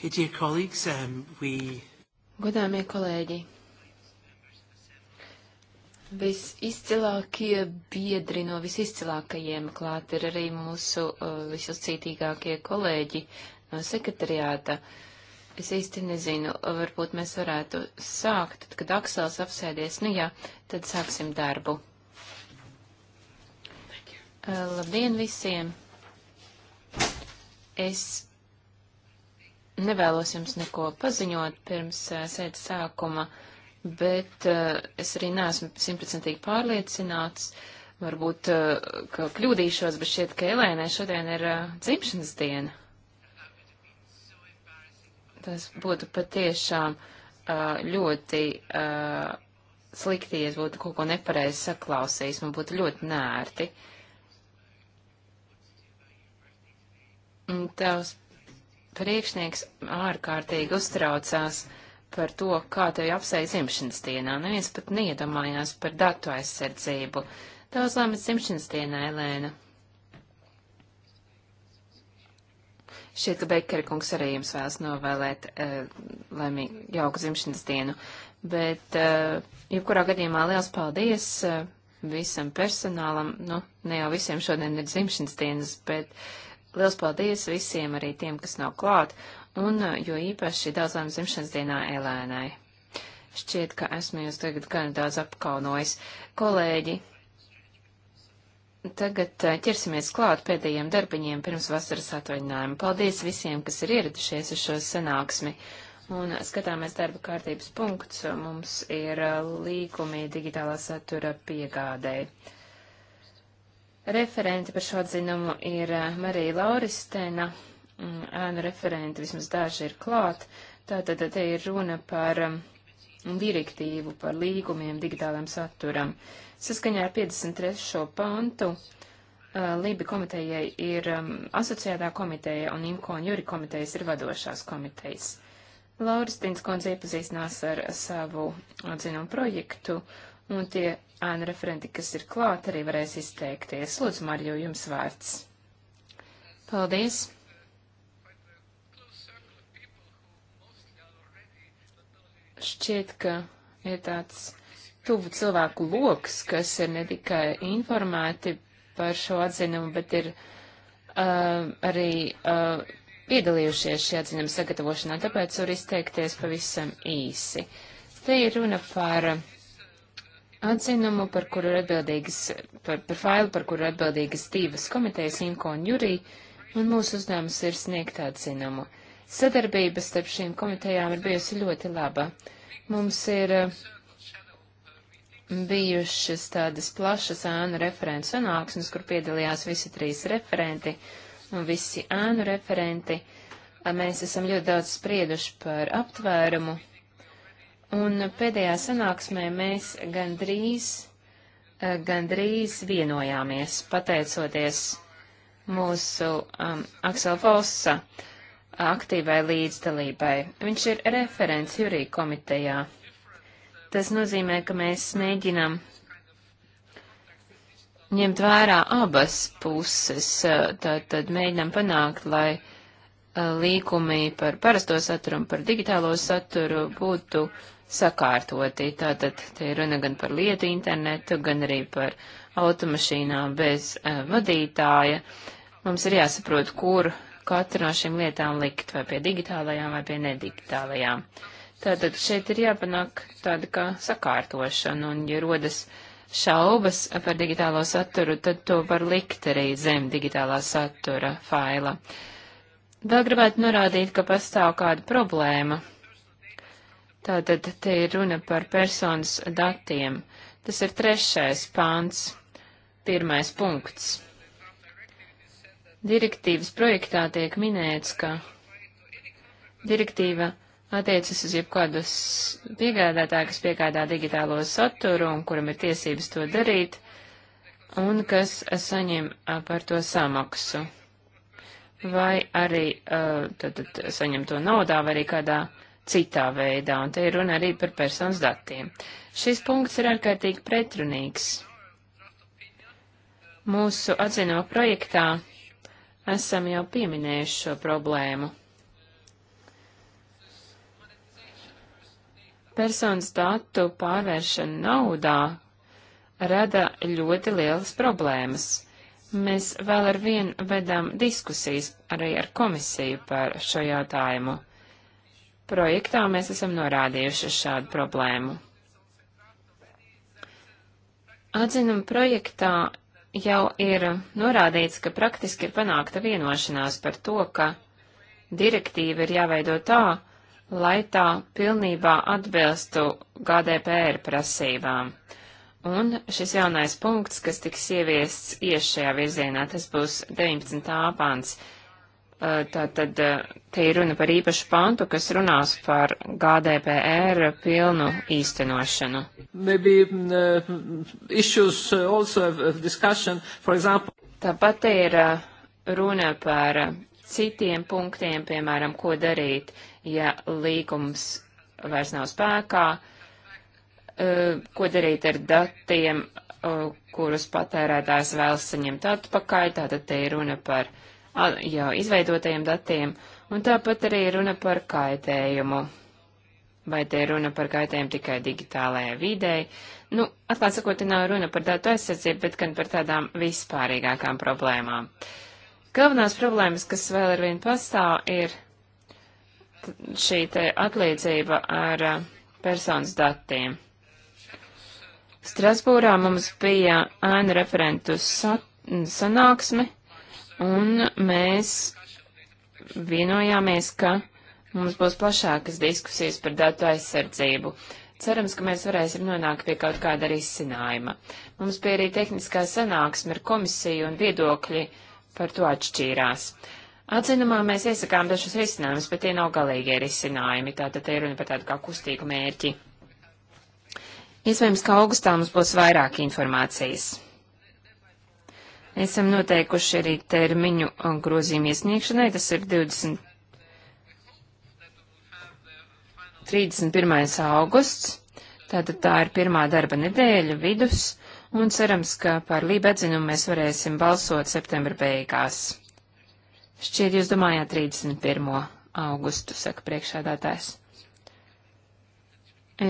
Okay, dear colleagues, um, we... Godāmie kolēģi, visizcilākie biedri no visizcilākajiem klāt ir arī mūsu uh, visizcītīgākie kolēģi no sekretariāta. Es īsti nezinu, varbūt mēs varētu sākt, tad, kad Aksels apsēdies, nu jā, tad sāksim darbu. Uh, labdien visiem! Es nevēlos jums neko paziņot pirms eh, sēdes sākuma, bet eh, es arī neesmu simtprocentīgi pārliecināts. Varbūt, eh, ka kļūdīšos, bet šķiet, ka Elēnai šodien ir dzimšanas diena. Tas būtu patiešām ļoti slikti, ja es būtu kaut ko nepareizi saklausījis. Man būtu ļoti nērti. Tavs priekšnieks ārkārtīgi uztraucās par to, kā tevi apsēja dzimšanas dienā. Neviens pat neiedomājās par datu aizsardzību. Daudz lēmas dzimšanas dienā, Elēna. Šķiet, ka Bekera kungs arī jums vēlas novēlēt uh, eh, laimīgu jauku dzimšanas dienu. Bet, uh, jebkurā gadījumā, liels paldies uh, visam personālam. Nu, ne jau visiem šodien ir dzimšanas dienas, bet uh, Liels paldies visiem, arī tiem, kas nav klāt, un jo īpaši daudzām dzimšanas dienā Elēnai. Šķiet, ka esmu jūs tagad gan daudz apkaunojis. Kolēģi, tagad eh, ķersimies klāt pēdējiem darbiņiem pirms vasaras atvaļinājuma. Paldies visiem, kas ir ieradušies uz šo sanāksmi. Un eh, skatāmies darba kārtības punkts. Mums ir eh, līgumi digitālā satura piegādēji. Referenti par šo atzinumu ir eh, Marija Lauristēna, mm, ēnu referenti vismaz daži ir klāt, tātad te ir runa par mm, direktīvu par līgumiem digitālam saturam. Saskaņā ar 53. pantu eh, Lībi komitejai ir mm, asociētā komiteja un Imko un Juri komitejas ir vadošās komitejas. Lauristīns kundze iepazīstinās ar savu atzinumu projektu un tie ēnu referenti, kas ir klāt, arī varēs izteikties. Lūdzu, Marju, jums vārds. Paldies! Šķiet, ka ir tāds tuvu cilvēku loks, kas ir ne tikai informēti par šo atzinumu, bet ir uh, arī uh, piedalījušies šī atzinuma sagatavošanā, tāpēc var izteikties pavisam īsi. Te ir runa par uh, atzinumu, par kuru ir atbildīgas, par, par failu, par kuru ir atbildīgas divas komitejas, Imko un Jurī, un mūsu uzdevums ir sniegt atzinumu. Sadarbība starp šīm komitejām ir bijusi ļoti laba. Mums ir eh, bijušas tādas plašas ēnu referentu sanāksmes, kur piedalījās visi trīs referenti un visi ēnu referenti. Mēs esam ļoti daudz sprieduši par aptvērumu Un pēdējā sanāksmē mēs gandrīz, eh, gandrīz vienojāmies, pateicoties mūsu um, Aksela Fossa aktīvai līdzdalībai. Viņš ir referents jūrī komitejā. Tas nozīmē, ka mēs mēģinam ņemt vērā abas puses, tad, tad mēģinam panākt, lai eh, līkumi par parasto saturu un par digitālo saturu būtu uh, sakārtoti. Tātad te ir runa gan par lietu internetu, gan arī par automašīnām bez uh, vadītāja. Mums ir jāsaprot, kur katru no šīm lietām likt, vai pie digitālajām, vai pie nedigitālajām. Tātad šeit ir jāpanāk tāda kā sakārtošana, un ja rodas šaubas par digitālo saturu, tad to var likt arī zem digitālā satura faila. Vēl gribētu norādīt, ka pastāv kāda problēma Tātad te ir runa par personas datiem. Tas ir trešais pāns, pirmais punkts. Direktīvas projektā tiek minēts, ka direktīva attiecas uz jebkādus piegādātāju, kas piegādā digitālo saturu un kuram ir tiesības to darīt, un kas saņem par to samaksu. Vai arī tad, tad, saņem to naudā, vai arī kādā citā veidā, un te ir runa arī par personas datiem. Šis punkts ir ārkārtīgi pretrunīgs. Mūsu atzino projektā esam jau pieminējuši šo problēmu. Personas datu pārvēršana naudā rada ļoti lielas problēmas. Mēs vēl ar vienu vedām diskusijas arī ar komisiju par šo jautājumu projektā mēs esam norādījuši šādu problēmu. Atzinuma projektā jau ir norādīts, ka praktiski ir panākta vienošanās par to, ka direktīva ir jāveido tā, lai tā pilnībā atbilstu GDPR prasībām. Un šis jaunais punkts, kas tiks ieviests ies šajā virzienā, tas būs 19. pāns Eh, tātad eh, te ir runa par īpašu pantu, kas runās par GDPR pilnu īstenošanu. Maybe, uh, Tāpat te ir runa par citiem punktiem, piemēram, ko darīt, ja līgums vairs nav spēkā, uh, ko darīt ar datiem, uh, kurus patērētājs vēlas saņemt atpakaļ. Tātad te ir runa par jau izveidotajiem datiem, un tāpat arī runa par kaitējumu. Vai te runa par kaitējumu tikai digitālajai videi? Nu, atklāt sakot, nav runa par datu aizsardzību, bet gan par tādām vispārīgākām problēmām. Galvenās problēmas, kas vēl ar vienu pastāv, ir šī te atlīdzība ar personas datiem. Strasbūrā mums bija ēnu referentu sanāksme, Un mēs vienojāmies, ka mums būs plašākas diskusijas par datu aizsardzību. Cerams, ka mēs varēsim nonākt pie kaut kāda risinājuma. Mums bija arī tehniskā sanāksme ar komisiju un viedokļi par to atšķīrās. Atzinumā mēs iesakām dažus risinājumus, bet tie nav galīgie risinājumi, tātad te ir runa par tādu kā kustīgu mērķi. Iespējams, ka augustā mums būs vairāk informācijas. Esam noteikuši arī termiņu uh, grozījumu iesniegšanai, tas ir 20. 31. augusts, tātad tā ir pirmā darba nedēļa vidus, un cerams, ka par lībedzinumu mēs varēsim balsot septembra beigās. Šķiet, jūs domājāt 31. augustu, saka priekšādātājs.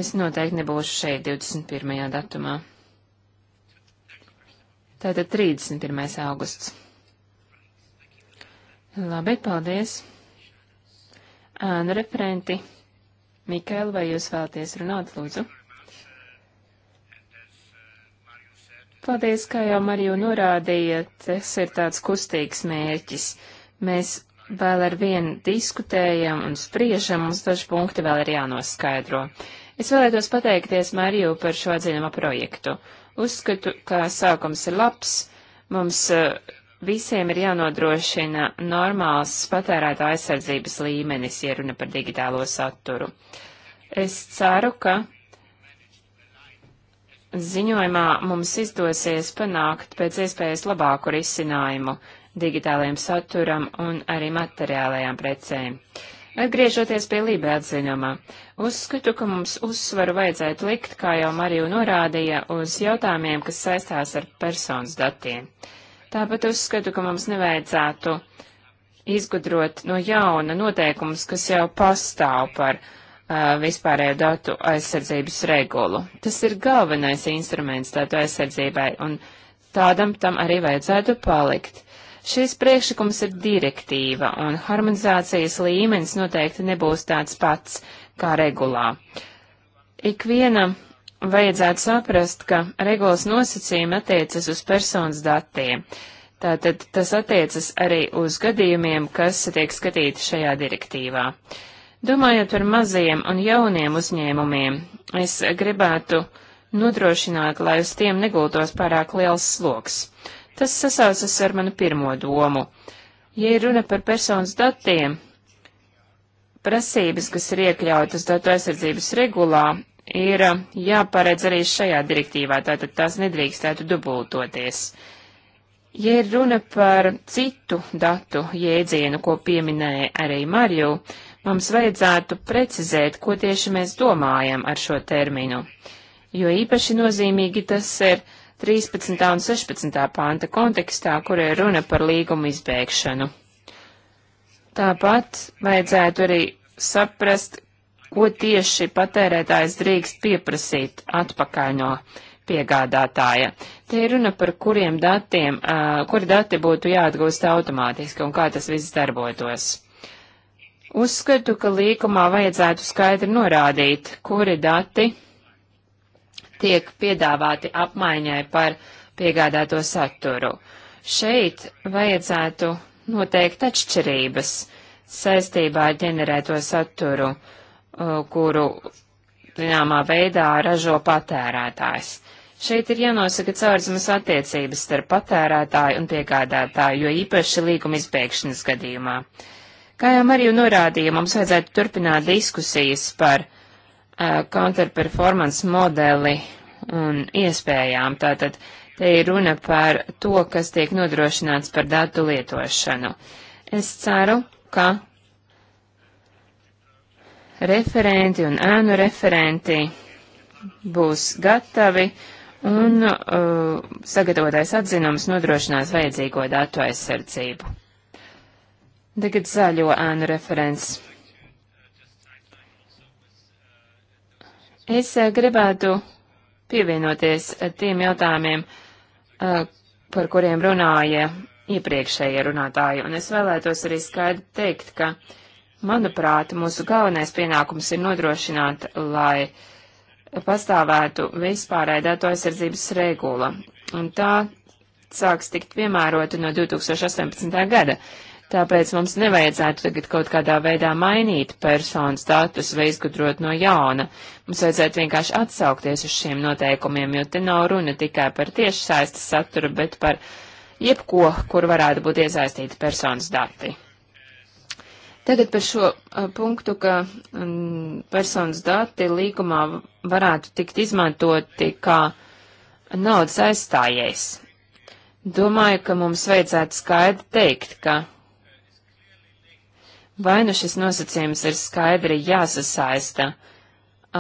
Es noteikti nebūšu šeit 21. datumā. Tātad 31. augusts. Labi, paldies. Ānu referenti. Mikaela, vai jūs vēlaties runāt, lūdzu? Paldies, kā jau Mariju norādīja, tas ir tāds kustīgs mērķis. Mēs vēl ar vienu diskutējam un spriežam, mums daži punkti vēl ir jānoskaidro. Es vēlētos pateikties Mariju par šo atzinuma projektu. Uh, Uzskatu, ka sākums ir labs. Mums eh, visiem ir jānodrošina normāls patērētā aizsardzības līmenis, ja runa par digitālo saturu. Es ceru, ka ziņojumā mums izdosies panākt pēc iespējas labāku risinājumu digitālajiem saturam un arī materiālajām precēm. Atgriežoties pie Lībe atzinumā, Uzskatu, ka mums uzsvaru vajadzētu likt, kā jau Mariju norādīja, uz jautājumiem, kas saistās ar personas datiem. Tāpat uzskatu, ka mums nevajadzētu izgudrot no jauna noteikumus, kas jau pastāv par uh, vispārējo datu aizsardzības regulu. Tas ir galvenais instruments datu aizsardzībai, un tādam tam arī vajadzētu palikt. Šis priekšlikums ir direktīva, un harmonizācijas līmenis noteikti nebūs tāds pats kā regulā. Ikvienam vajadzētu saprast, ka regulas nosacījumi attiecas uz personas datiem. Tātad tas attiecas arī uz gadījumiem, kas tiek skatīti šajā direktīvā. Domājot par maziem un jauniem uzņēmumiem, es gribētu nodrošināt, lai uz tiem negultos pārāk liels sloks. Tas sasaucas ar manu pirmo domu. Ja ir runa par personas datiem, prasības, kas ir iekļautas datu aizsardzības regulā, ir uh, jāparedz arī šajā direktīvā, tātad tās nedrīkstētu dubultoties. Ja ir runa par citu datu jēdzienu, ko pieminēja arī Marju, mums vajadzētu precizēt, ko tieši mēs domājam ar šo terminu, jo īpaši nozīmīgi tas ir 13. un 16. panta kontekstā, kur ir runa par līgumu izbēgšanu. Tāpat vajadzētu arī saprast, ko tieši patērētājs drīkst pieprasīt atpakaļ no piegādātāja. Te ir runa par kuriem datiem, uh, kuri dati būtu jāatgūst automātiski un kā tas viss darbotos. Uzskatu, ka līkumā vajadzētu skaidri norādīt, kuri dati tiek piedāvāti apmaiņai par piegādāto saturu. Šeit vajadzētu noteikti atšķirības saistībā ar ģenerēto saturu, uh, kuru, zināmā veidā, ražo patērētājs. Šeit ir jānosaka caurzemes attiecības starp patērētāju un piegādātāju, jo īpaši līguma izbēgšanas gadījumā. Kā jau Mariju norādīja, mums vajadzētu turpināt diskusijas par uh, counterperformance modeli un iespējām. Tātad uh, Te ir runa par to, kas tiek nodrošināts par datu lietošanu. Es ceru, ka referenti un ēnu referenti būs gatavi un uh, sagatavotais atzinums nodrošinās vajadzīgo datu aizsardzību. Tagad zaļo ēnu referents. Es uh, gribētu pievienoties tiem jautājumiem, uh, Eh, par kuriem runāja iepriekšējie runātāji, un es vēlētos arī skaidri teikt, ka, manuprāt, mūsu galvenais pienākums ir nodrošināt, lai pastāvētu vispārēj datu aizsardzības regula, un tā sāks tikt piemērota no 2018. gada. Tāpēc mums nevajadzētu tagad kaut kādā veidā mainīt personu status vai izgudrot no jauna. Mums vajadzētu vienkārši atsaukties uz šiem noteikumiem, jo te nav runa tikai par tiešsaistes saturu, bet par jebko, kur varētu būt iesaistīti personas dati. Tagad par šo uh, punktu, ka m, um, personas dati līgumā varētu tikt izmantoti kā naudas aizstājies. Domāju, ka mums vajadzētu skaidri teikt, ka Vai nu šis nosacījums ir skaidri jāsasaista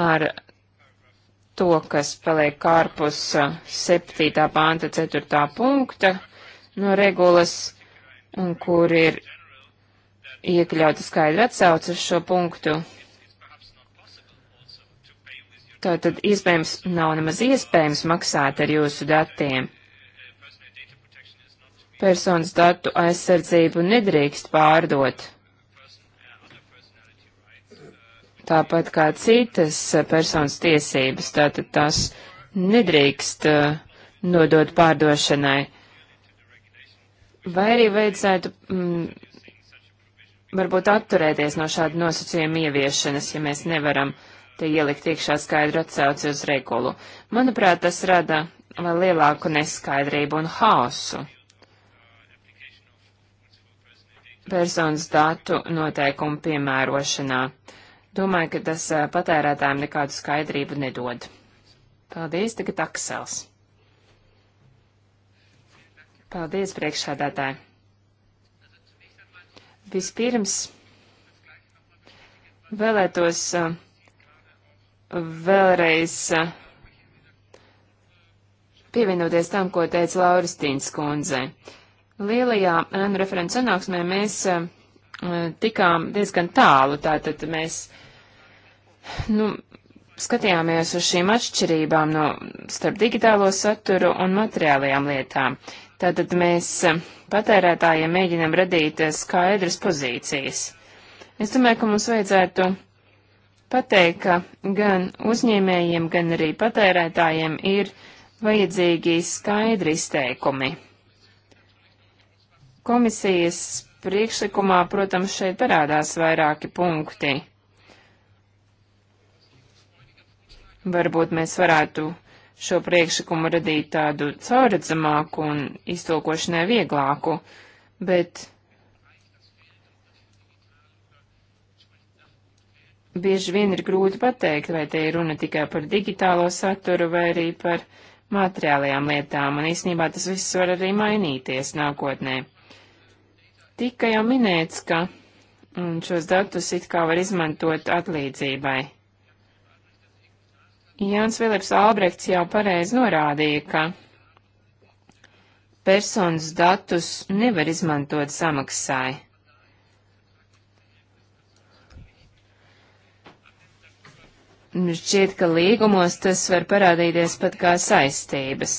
ar to, kas paliek ārpus 7. pānta 4. punkta no regulas, un kur ir iekļauta skaidra atsauce uz šo punktu. Tātad, iespējams, nav nemaz iespējams maksāt ar jūsu datiem. Personas datu aizsardzību nedrīkst pārdot. tāpat kā citas personas tiesības, tātad tās nedrīkst uh, nodot pārdošanai. Vai arī vajadzētu mm, varbūt atturēties no šāda nosacījuma ieviešanas, ja mēs nevaram te ielikt iekšā skaidru atsauci uz regulu. Manuprāt, tas rada vēl lielāku neskaidrību un haosu. Personas datu noteikumu piemērošanā. Uh, Domāju, ka tas patērētājiem nekādu skaidrību nedod. Paldies, tagad Aksels. Paldies, priekšsādātāji. Vispirms vēlētos vēlreiz pievienoties tam, ko teica Lauristīns kundze. Lielajā ēnu referents sanāksmē mēs Eh, tikām diezgan tālu, tātad mēs, nu, skatījāmies uz šīm atšķirībām no starp digitālo saturu un materiālajām lietām. Tātad mēs eh, patērētājiem mēģinam radīt eh, skaidras pozīcijas. Es domāju, ka mums vajadzētu pateikt, ka gan uzņēmējiem, gan arī patērētājiem ir vajadzīgi skaidri izteikumi. Komisijas priekšlikumā, protams, šeit parādās vairāki punkti. Varbūt mēs varētu šo priekšlikumu radīt tādu caurredzamāku un iztolkošanai vieglāku, bet bieži vien ir grūti pateikt, vai te ir runa tikai par digitālo saturu vai arī par materiālajām lietām, un īsnībā tas viss var arī mainīties nākotnē. Tika jau minēts, ka mm, šos datus it kā var izmantot atlīdzībai. Jānis Vilips Albrechts jau pareizi norādīja, ka personas datus nevar izmantot samaksai. Šķiet, ka līgumos tas var parādīties pat kā saistības.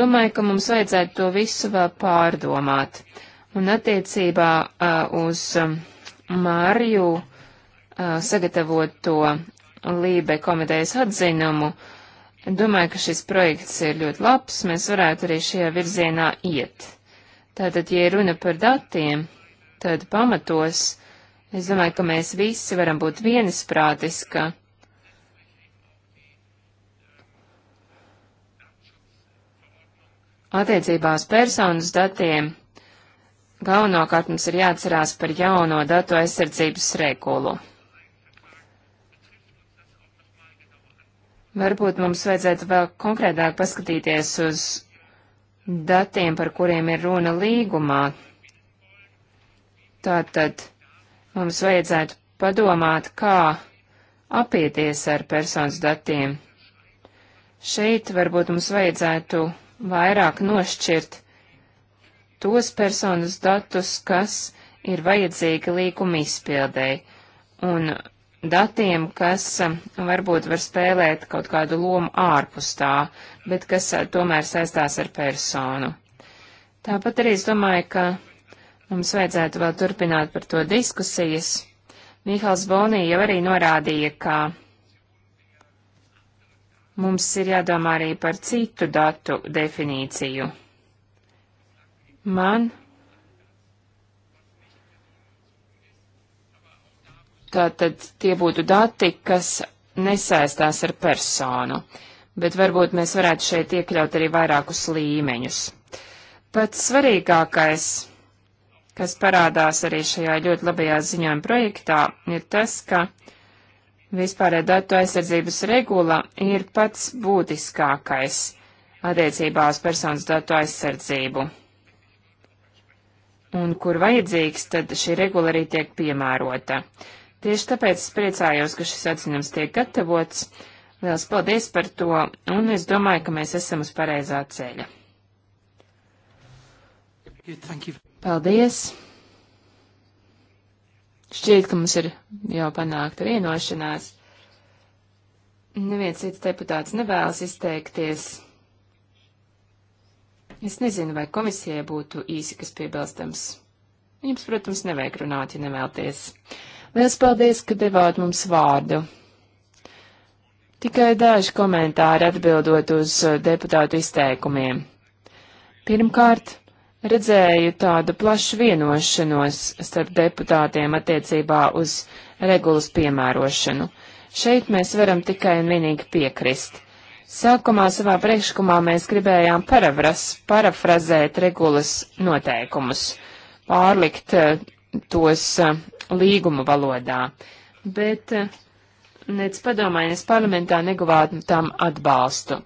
Domāju, ka mums vajadzētu to visu vēl pārdomāt. Un attiecībā uz Māriju sagatavoto Lībe komitejas atzinumu, domāju, ka šis projekts ir ļoti labs, mēs varētu arī šajā virzienā iet. Tātad, ja runa par datiem, tad pamatos, es domāju, ka mēs visi varam būt vienisprātis, ka attiecībā uz personas datiem Galvenokārt mums ir jāatcerās par jauno datu aizsardzības regulu. Varbūt mums vajadzētu vēl konkrētāk paskatīties uz datiem, par kuriem ir runa līgumā. Tātad mums vajadzētu padomāt, kā apieties ar personas datiem. Šeit varbūt mums vajadzētu vairāk nošķirt tos personas datus, kas ir vajadzīgi līguma izpildēji, un datiem, kas um, varbūt var spēlēt kaut kādu lomu ārpus tā, bet kas uh, tomēr saistās ar personu. Tāpat arī es domāju, ka mums vajadzētu vēl turpināt par to diskusijas. Mihāls Bonī jau arī norādīja, ka mums ir jādomā arī par citu datu definīciju. Man tātad tie būtu dati, kas nesaistās ar personu, bet varbūt mēs varētu šeit iekļaut arī vairākus līmeņus. Pats svarīgākais, kas parādās arī šajā ļoti labajā ziņojuma projektā, ir tas, ka vispārējā datu aizsardzības regula ir pats būtiskākais attiecībā uz personas datu aizsardzību un kur vajadzīgs, tad šī regula arī tiek piemērota. Tieši tāpēc es priecājos, ka šis atzinums tiek gatavots. Liels paldies par to, un es domāju, ka mēs esam uz pareizā ceļa. Paldies! Šķiet, ka mums ir jau panākta vienošanās. Neviens cits deputāts nevēlas izteikties. Es nezinu, vai komisijai būtu īsi kas piebilstams. Jums, protams, nevajag runāt, ja nevēlties. Liels paldies, ka devāt mums vārdu. Tikai daži komentāri atbildot uz eh, deputātu izteikumiem. Pirmkārt, redzēju tādu plašu vienošanos starp deputātiem attiecībā uz regulas piemērošanu. Šeit mēs varam tikai un vienīgi piekrist. Sākumā savā priekšlikumā mēs gribējām parafras, parafrazēt regulas noteikumus, pārlikt eh, tos eh, līguma valodā, bet eh, nec padomē, nes parlamentā neguvāt tam atbalstu.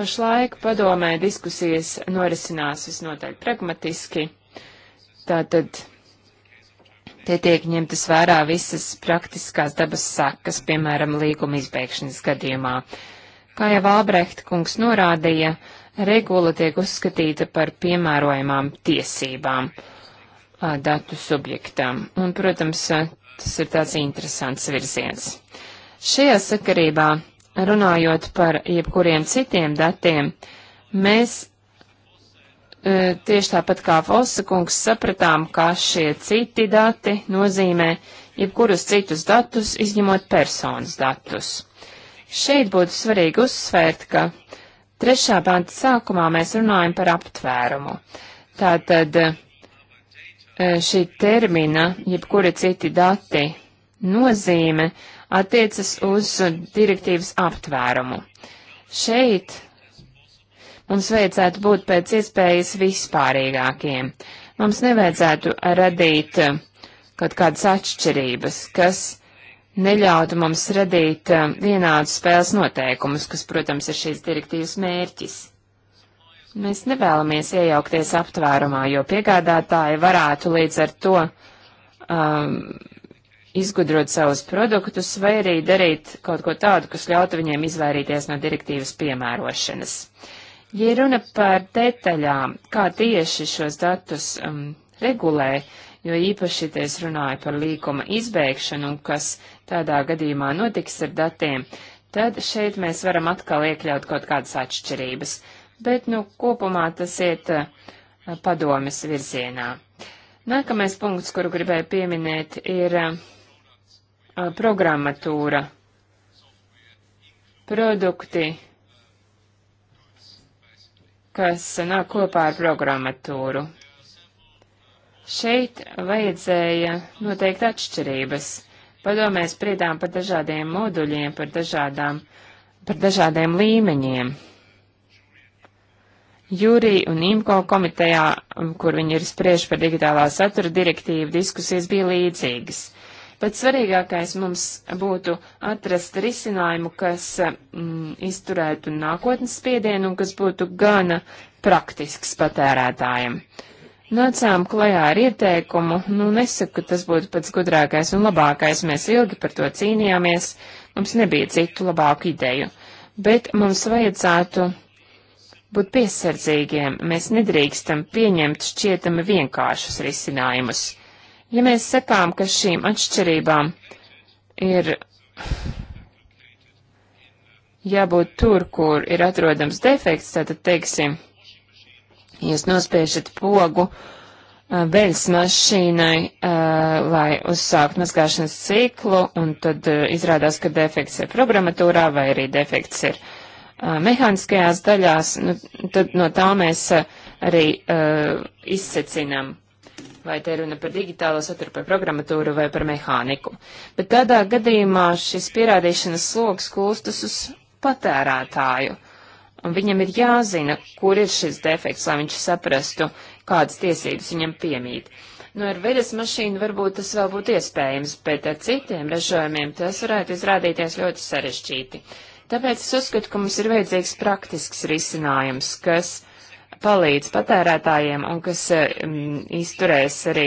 Pašlaik padomē diskusijas norisinās visnotaļ pragmatiski, tātad te tiek ņemtas vērā visas praktiskās dabas sakas, piemēram, līguma izbeigšanas gadījumā. Kā jau Albrecht kungs norādīja, regula tiek uzskatīta par piemērojamām tiesībām datu subjektam. Un, protams, tas ir tāds interesants virziens. Šajā sakarībā, runājot par jebkuriem citiem datiem, mēs tieši tāpat kā Fosakungs sapratām, ka šie citi dati nozīmē jebkurus citus datus, izņemot personas datus. Šeit būtu svarīgi uzsvērt, ka trešā panta sākumā mēs runājam par aptvērumu. Tātad e, šī termina, jebkura citi dati, nozīme attiecas uz direktīvas aptvērumu. Šeit mums vajadzētu būt pēc iespējas vispārīgākiem. Mums nevajadzētu radīt e, kaut kādas atšķirības, kas neļautu mums radīt um, vienādu spēles noteikumus, kas, protams, ir šīs direktīvas mērķis. Mēs nevēlamies iejaukties aptvērumā, jo piegādātāji varētu līdz ar to um, izgudrot savus produktus vai arī darīt kaut ko tādu, kas ļautu viņiem izvairīties no direktīvas piemērošanas. Ja runa par detaļām, kā tieši šos datus um, regulē, uh, jo īpaši te es runāju par līkuma izbēgšanu, kas tādā gadījumā notiks ar datiem, tad šeit mēs varam atkal iekļaut kaut kādas atšķirības, bet, nu, kopumā tas iet eh, padomis virzienā. Nākamais punkts, kuru gribēju pieminēt, ir eh, programmatūra, produkti, kas nāk kopā ar programmatūru. Šeit vajadzēja noteikt atšķirības. Padomē spriedām par dažādiem moduļiem, par, dažādām, par dažādiem līmeņiem. Jūrī un IMCO komitejā, kur viņi ir spriež par digitālā satura direktīvu, diskusijas bija līdzīgas. Bet svarīgākais mums būtu atrast risinājumu, kas mm, izturētu nākotnes spiedienu un kas būtu gana praktisks patērētājiem. Uh, nācām klajā ar ieteikumu, nu nesaku, ka tas būtu pats gudrākais un labākais, mēs ilgi par to cīnījāmies, mums nebija citu labāku ideju, bet mums vajadzētu būt piesardzīgiem, mēs nedrīkstam pieņemt šķietami vienkāršus risinājumus. Ja mēs sakām, ka šīm atšķirībām ir jābūt tur, kur ir atrodams defekts, tātad teiksim, Jūs nospiežat pogu beļas uh, mašīnai, uh, lai uzsākt mazgāšanas ciklu, un tad uh, izrādās, ka defekts ir programmatūrā vai arī defekts ir mehāniskajās daļās, nu, tad no tā mēs arī izsecinām vai te runa par digitālo saturu, par programmatūru vai par mehāniku. Bet tādā gadījumā šis pierādīšanas sloks kūstas uz patērētāju. Viņam ir jāzina, kur ir šis defekts, lai viņš saprastu, kādas tiesības viņam piemīt. Nu, ar veļas mašīnu varbūt tas vēl būtu iespējams, bet ar citiem ražojumiem tas varētu izrādīties ļoti sarežģīti. Tāpēc es uzskatu, ka mums ir vajadzīgs praktisks risinājums, kas palīdz patērētājiem un kas mm, izturēs arī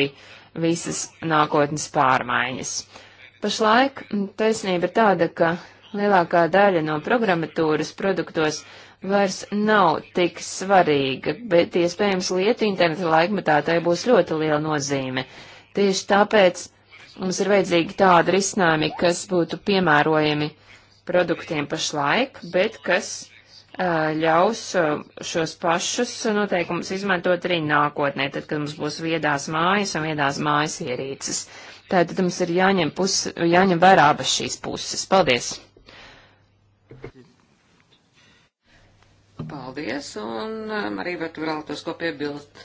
visas nākotnes pārmaiņas. Pašlaik mm, taisnība ir tāda, ka lielākā daļa no programmatūras produktos vairs nav tik svarīga, bet iespējams lieta interneta laikmetā tai būs ļoti liela nozīme. Tieši tāpēc mums ir vajadzīgi tādi risinājumi, kas būtu piemērojami produktiem pašlaik, bet kas ļaus šos pašus noteikumus izmantot arī nākotnē, tad, kad mums būs viedās mājas un viedās mājas ierīces. Tātad mums ir jāņem, pus, jāņem vērā abas šīs puses. Paldies! Paldies, un um, arī var tu vēlētos ko piebilst.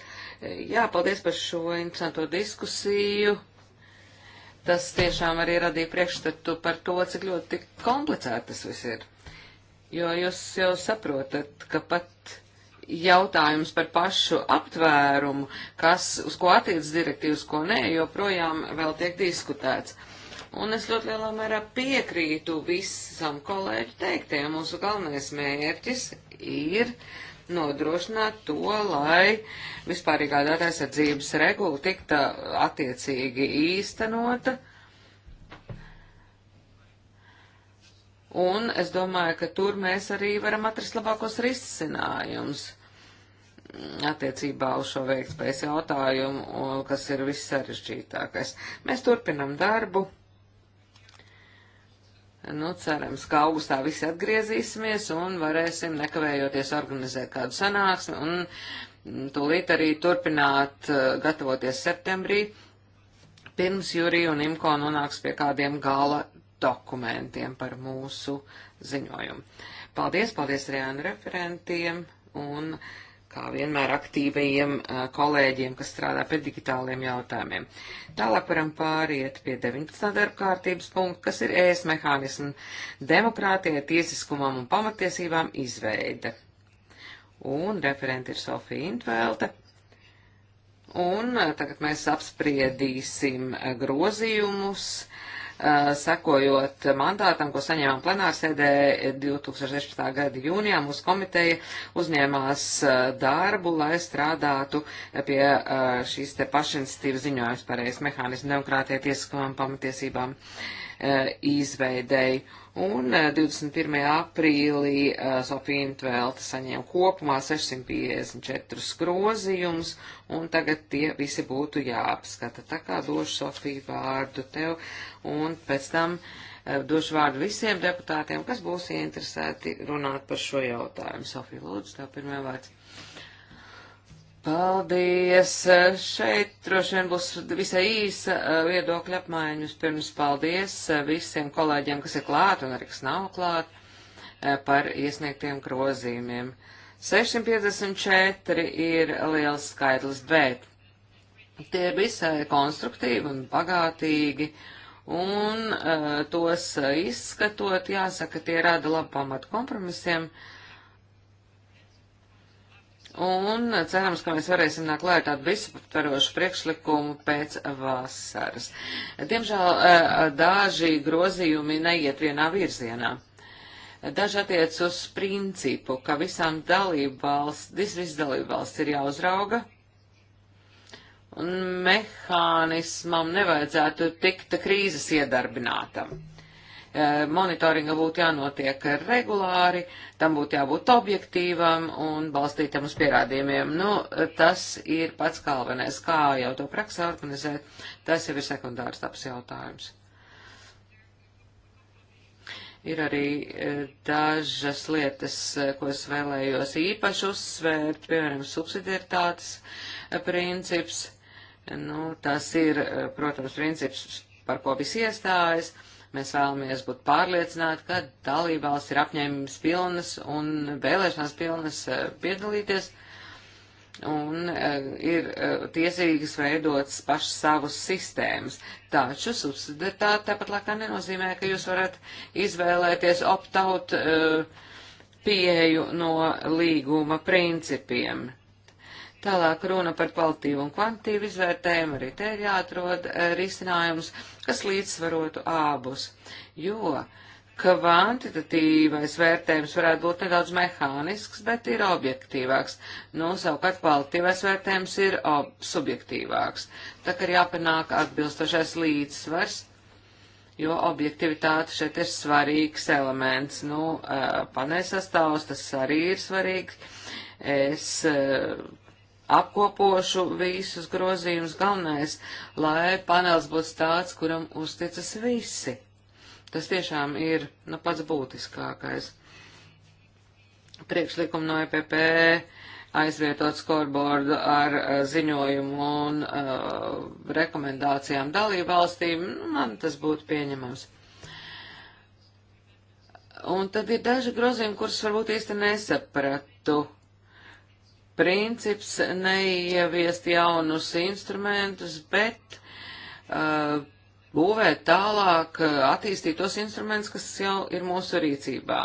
Jā, paldies par šo interesanto diskusiju. Tas tiešām arī radīja priekšstatu par to, cik ļoti komplicēti tas viss ir. Jo jūs jau saprotat, ka pat jautājums par pašu aptvērumu, kas, uz ko attiec direktīvas, ko nē, joprojām vēl tiek diskutēts. Un es ļoti lielā mērā piekrītu visam kolēģu teiktiem. Mūsu galvenais mērķis ir nodrošināt to, lai vispārīgā data aizsardzības regula tikta attiecīgi īstenota. Un es domāju, ka tur mēs arī varam atrast labākos risinājumus attiecībā uz šo veiktspējas jautājumu, kas ir vissarežģītākais. Mēs turpinam darbu. Nu, cerams, ka augustā visi atgriezīsimies un varēsim nekavējoties organizēt kādu sanāksmi un mm, tūlīt arī turpināt eh, gatavoties septembrī, pirms Jurija un Imko nonāks pie kādiem gala dokumentiem par mūsu ziņojumu. Paldies, paldies arī referentiem un kā vienmēr aktīvajiem kolēģiem, kas strādā pie digitāliem jautājumiem. Tālāk varam pāriet pie 19. darba kārtības punkta, kas ir ēs mehānismu demokrātijai, tiesiskumam un pamatiesībām izveide. Un referenti ir Sofija Intvēlte. Un tagad mēs apspriedīsim grozījumus sekojot mandātam, ko saņēmām plenārsēdē 2016. gada jūnijā, mūsu komiteja uzņēmās darbu, lai strādātu pie šīs te pašinstīvas ziņojums par ES mehānismu demokrātie tiesiskām pamatiesībām izveidēji. Un 21. aprīlī Sofija Intvelta saņēma kopumā 654 grozījumus, un tagad tie visi būtu jāapskata. Tā kā došu Sofiju vārdu tev, un pēc tam eh, došu vārdu visiem deputātiem, kas būs ieinteresēti runāt par šo jautājumu. Sofija, lūdzu, tev pirmajā vārds. Paldies! Šeit droši vien būs visai īsa eh, viedokļa apmaiņas. Pirms paldies eh, visiem kolēģiem, kas ir klāt un arī kas nav klāt par iesniegtiem grozījumiem. 654 ir liels skaitlis, bet tie ir visai konstruktīvi un bagātīgi. Uh, un uh, tos eh, izskatot, jāsaka, tie rada labu pamatu kompromisiem. Un eh, cerams, ka mēs varēsim nākt klāt tādu visaptvarošu priekšlikumu pēc vasaras. Diemžēl uh, daži grozījumi neiet vienā virzienā. Daži attiec uz principu, ka visām dalību valsts, visas dalību valsts ir jāuzrauga un mehānismam nevajadzētu tikt krīzes iedarbinātam. E, monitoringa būtu jānotiek regulāri, tam būtu jābūt objektīvam un balstītam uz pierādījumiem. Nu, tas ir pats galvenais, kā jau to praksē organizēt, tas jau ir sekundārs taps jautājums. Ir arī e, dažas lietas, e, ko es vēlējos īpaši uzsvērt, piemēram, subsidiaritātes princips Nu, tas ir, eh, protams, princips, par ko visi iestājas. Mēs vēlamies būt pārliecināti, ka dalībvalsts ir apņēmības pilnas un vēlēšanās pilnas eh, piedalīties un eh, ir tiesīgas veidotas pašas savus sistēmas. Taču subsidiaritāte tāpat laikā nenozīmē, ka jūs varat izvēlēties opt-out pieeju no līguma principiem. Tālāk runa par kvalitīvu un kvantitīvu izvērtējumu. Arī te ir jāatrod e, risinājums, kas līdzsvarotu abus, jo kvantitatīvais vērtējums varētu būt nedaudz mehānisks, bet ir objektīvāks. Nu, savukārt kvalitīvais vērtējums ir subjektīvāks. Tā kā ir jāpanāk atbilstošais līdzsvars jo objektivitāte šeit ir svarīgs elements. Nu, e, panēsastāvs tas arī ir svarīgs. Es e, apkopošu visus grozījumus galvenais, lai panels būtu tāds, kuram uzticas visi. Tas tiešām ir nu, pats būtiskākais. Priekšlikumu no EPP aizvietot scoreboardu ar eh, ziņojumu un uh, rekomendācijām dalību valstīm, nu, man tas būtu pieņemams. Un tad ir daži grozījumi, kurus varbūt īsti nesapratu princips neieviest jaunus instrumentus, bet uh, būvēt tālāk, uh, attīstīt tos instrumentus, kas jau ir mūsu rīcībā.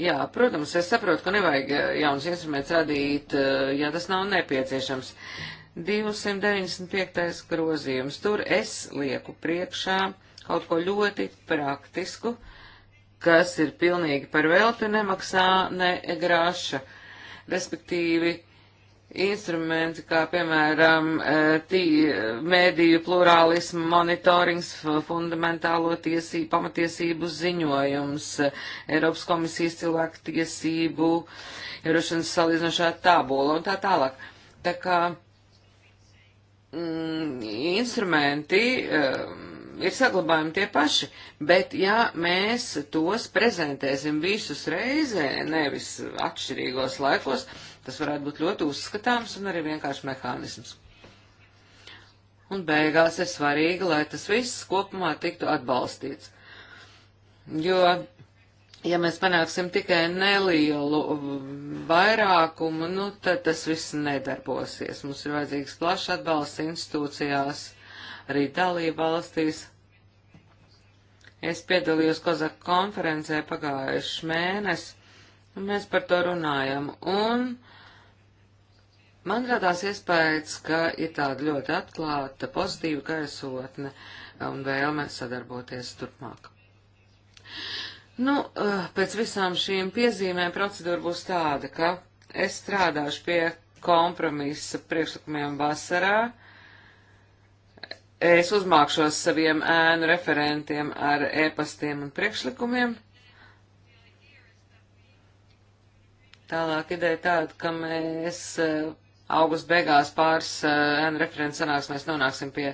Jā, protams, es saprotu, ka nevajag uh, jaunas instrumentus radīt, uh, ja tas nav nepieciešams. 295. grozījums. Tur es lieku priekšā kaut ko ļoti praktisku, kas ir pilnīgi par velti nemaksā ne grāša. Uh, respektīvi instrumenti, kā piemēram eh, tī, mēdīju plurālismu monitorings, fundamentālo tiesību, pamatiesību ziņojums, Eiropas komisijas cilvēku tiesību, ierošanas salīdzinošā tabula un tā tālāk. Tā kā mm, instrumenti, eh, ir saglabājumi tie paši, bet ja mēs tos prezentēsim visus reizē, nevis atšķirīgos laikos, tas varētu būt ļoti uzskatāms un arī vienkārši mehānisms. Un beigās ir svarīgi, lai tas viss kopumā tiktu atbalstīts. Jo, ja mēs panāksim tikai nelielu vairākumu, nu, tad tas viss nedarbosies. Mums ir vajadzīgs plašs atbalsts institūcijās, arī dalība valstīs. Es piedalījos Kozak konferencē pagājuši mēnes, un mēs par to runājam. Un man radās iespējas, ka ir tāda ļoti atklāta, pozitīva gaisotne un vēlme sadarboties turpmāk. Nu, eh, pēc visām šīm piezīmēm procedūra būs tāda, ka es strādāšu pie kompromisa priekšlikumiem vasarā Es uzmākšos saviem ēnu referentiem ar ēpastiem un priekšlikumiem. Tālāk ideja tāda, ka mēs eh, augusta beigās pāris eh, ēnu referents sanāksmēs nonāksim pie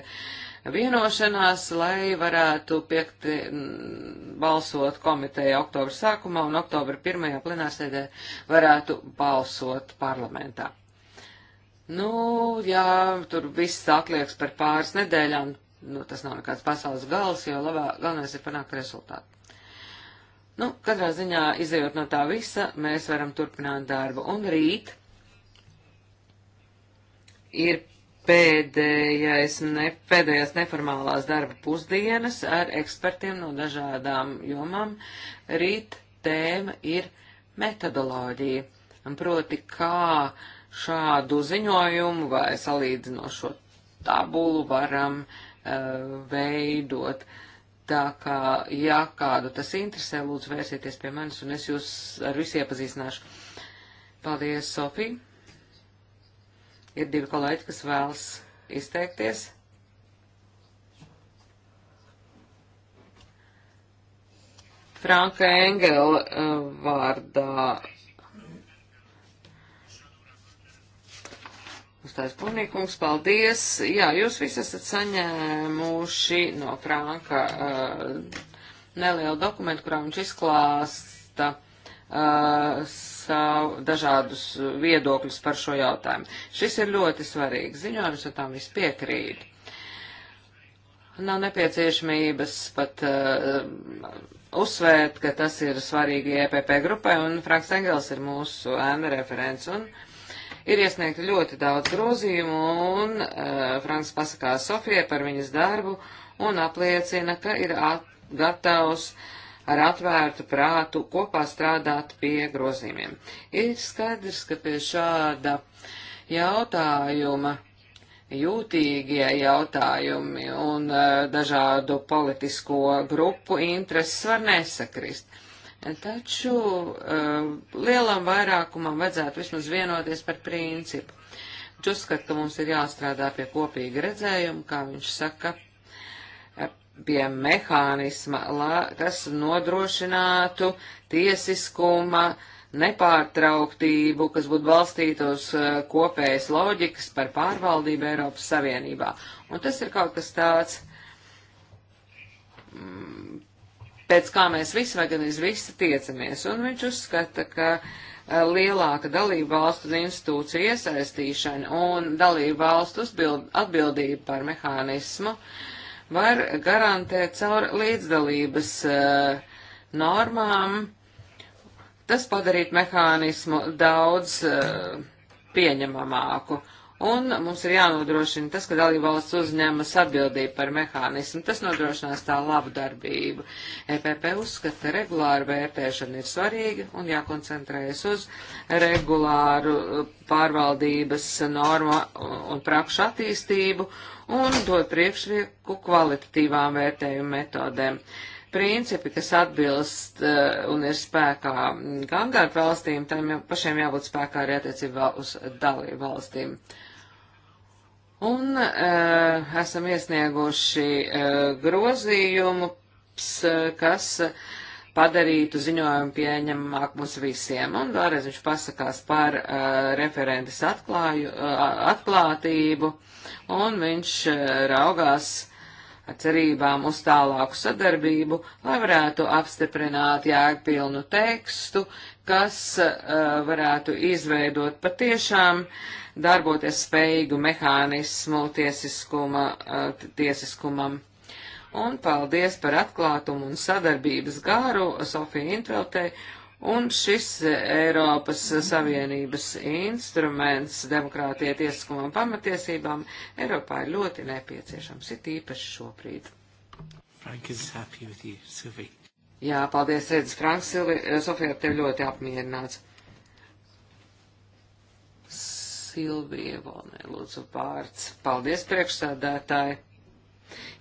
vienošanās, lai varētu piekti mm, balsot komiteja oktobra sākumā un oktobra pirmajā plenārsēdē varētu balsot parlamentā. Nu, jā, tur viss atliekas par pāris nedēļām. Nu, tas nav nekāds pasaules gals, jo labā, galvenais ir panākt rezultātu. Nu, katrā ziņā, izējot no tā visa, mēs varam turpināt darbu. Un rīt ir pēdējais, ne, pēdējās neformālās darba pusdienas ar ekspertiem no dažādām jomām. Rīt tēma ir metodoloģija. Un proti, kā uh, šādu ziņojumu vai salīdzinošo tabulu varam uh, veidot. Tā kā, ja kādu tas interesē, lūdzu vērsieties pie manis un es jūs ar visu iepazīstināšu. Paldies, Sofija. Ir divi kolēģi, kas vēlas izteikties. Franka Engela uh, vārdā Uztais Punīkungs, paldies. Jā, jūs visi esat saņēmuši no Franka uh, nelielu dokumentu, kurā viņš izklāsta uh, savu dažādus viedokļus par šo jautājumu. Šis ir ļoti svarīgs ziņojums, un tam viss piekrīt. Nav nepieciešamības pat uh, uzsvērt, ka tas ir svarīgi EPP grupai, un Franks Engels ir mūsu ēna referents. Un, uh, Ir iesniegta ļoti daudz grozījumu, un uh, Franks pasakās Sofijai par viņas darbu un apliecina, ka ir at gatavs ar atvērtu prātu kopā strādāt pie grozījumiem. Ir skaidrs, ka pie šāda jautājuma jūtīgie jautājumi un uh, dažādu politisko grupu intereses var nesakrist. Taču eh, lielam vairākumam vajadzētu vismaz vienoties par principu. Viņš uzskata, ka mums ir jāstrādā pie kopīga redzējuma, kā viņš saka, eh, pie mehānisma, kas nodrošinātu tiesiskuma nepārtrauktību, kas būtu balstītos eh, kopējas loģikas par pārvaldību Eiropas Savienībā. Un tas ir kaut kas tāds, mm, pēc kā mēs visi vai gan visi tiecamies, un viņš uzskata, ka e, lielāka dalību valstu institūciju iesaistīšana un dalību valstu atbildība par mehānismu var garantēt caur līdzdalības uh, normām, tas padarīt mehānismu daudz uh, pieņemamāku. Uh, Un mums ir jānodrošina tas, ka dalībvalsts uzņemas atbildību par mehānismu. Tas nodrošinās tā labu darbību. EPP uzskata, regulāra vērtēšana ir svarīga un jākoncentrējas uz regulāru uh, pārvaldības norma uh, un prakšu attīstību un dod priekšrieku kvalitatīvām vērtējumu metodēm principi, kas atbilst uh, un ir spēkā gan gārp valstīm, tam jau pašiem jābūt spēkā arī attiecībā uz dalību valstīm. Uh, Un uh, esam iesnieguši uh, eh, grozījumus, uh, eh, kas padarītu ziņojumu pieņemamāk mums visiem. Un vēlreiz viņš pasakās par uh, referentes atklāju, uh, atklātību, un viņš uh, raugās ar cerībām uz tālāku sadarbību, lai varētu apstiprināt jēgpilnu tekstu, kas uh, varētu izveidot patiešām uh, darboties spējīgu mehānismu tiesiskuma, eh, tiesiskumam. Un paldies par atklātumu un sadarbības gāru Sofija Intveltei. Un šis eh, Eiropas Savienības instruments demokrātie tiesiskumam pamatiesībām Eiropā ir ļoti nepieciešams, ir īpaši šobrīd. Frank is happy with you, Sofija. Jā, paldies, redz, Frank, Sofija, tev ļoti apmierināts. Silvievonai lūdzu vārds. Paldies, priekšsādātāji!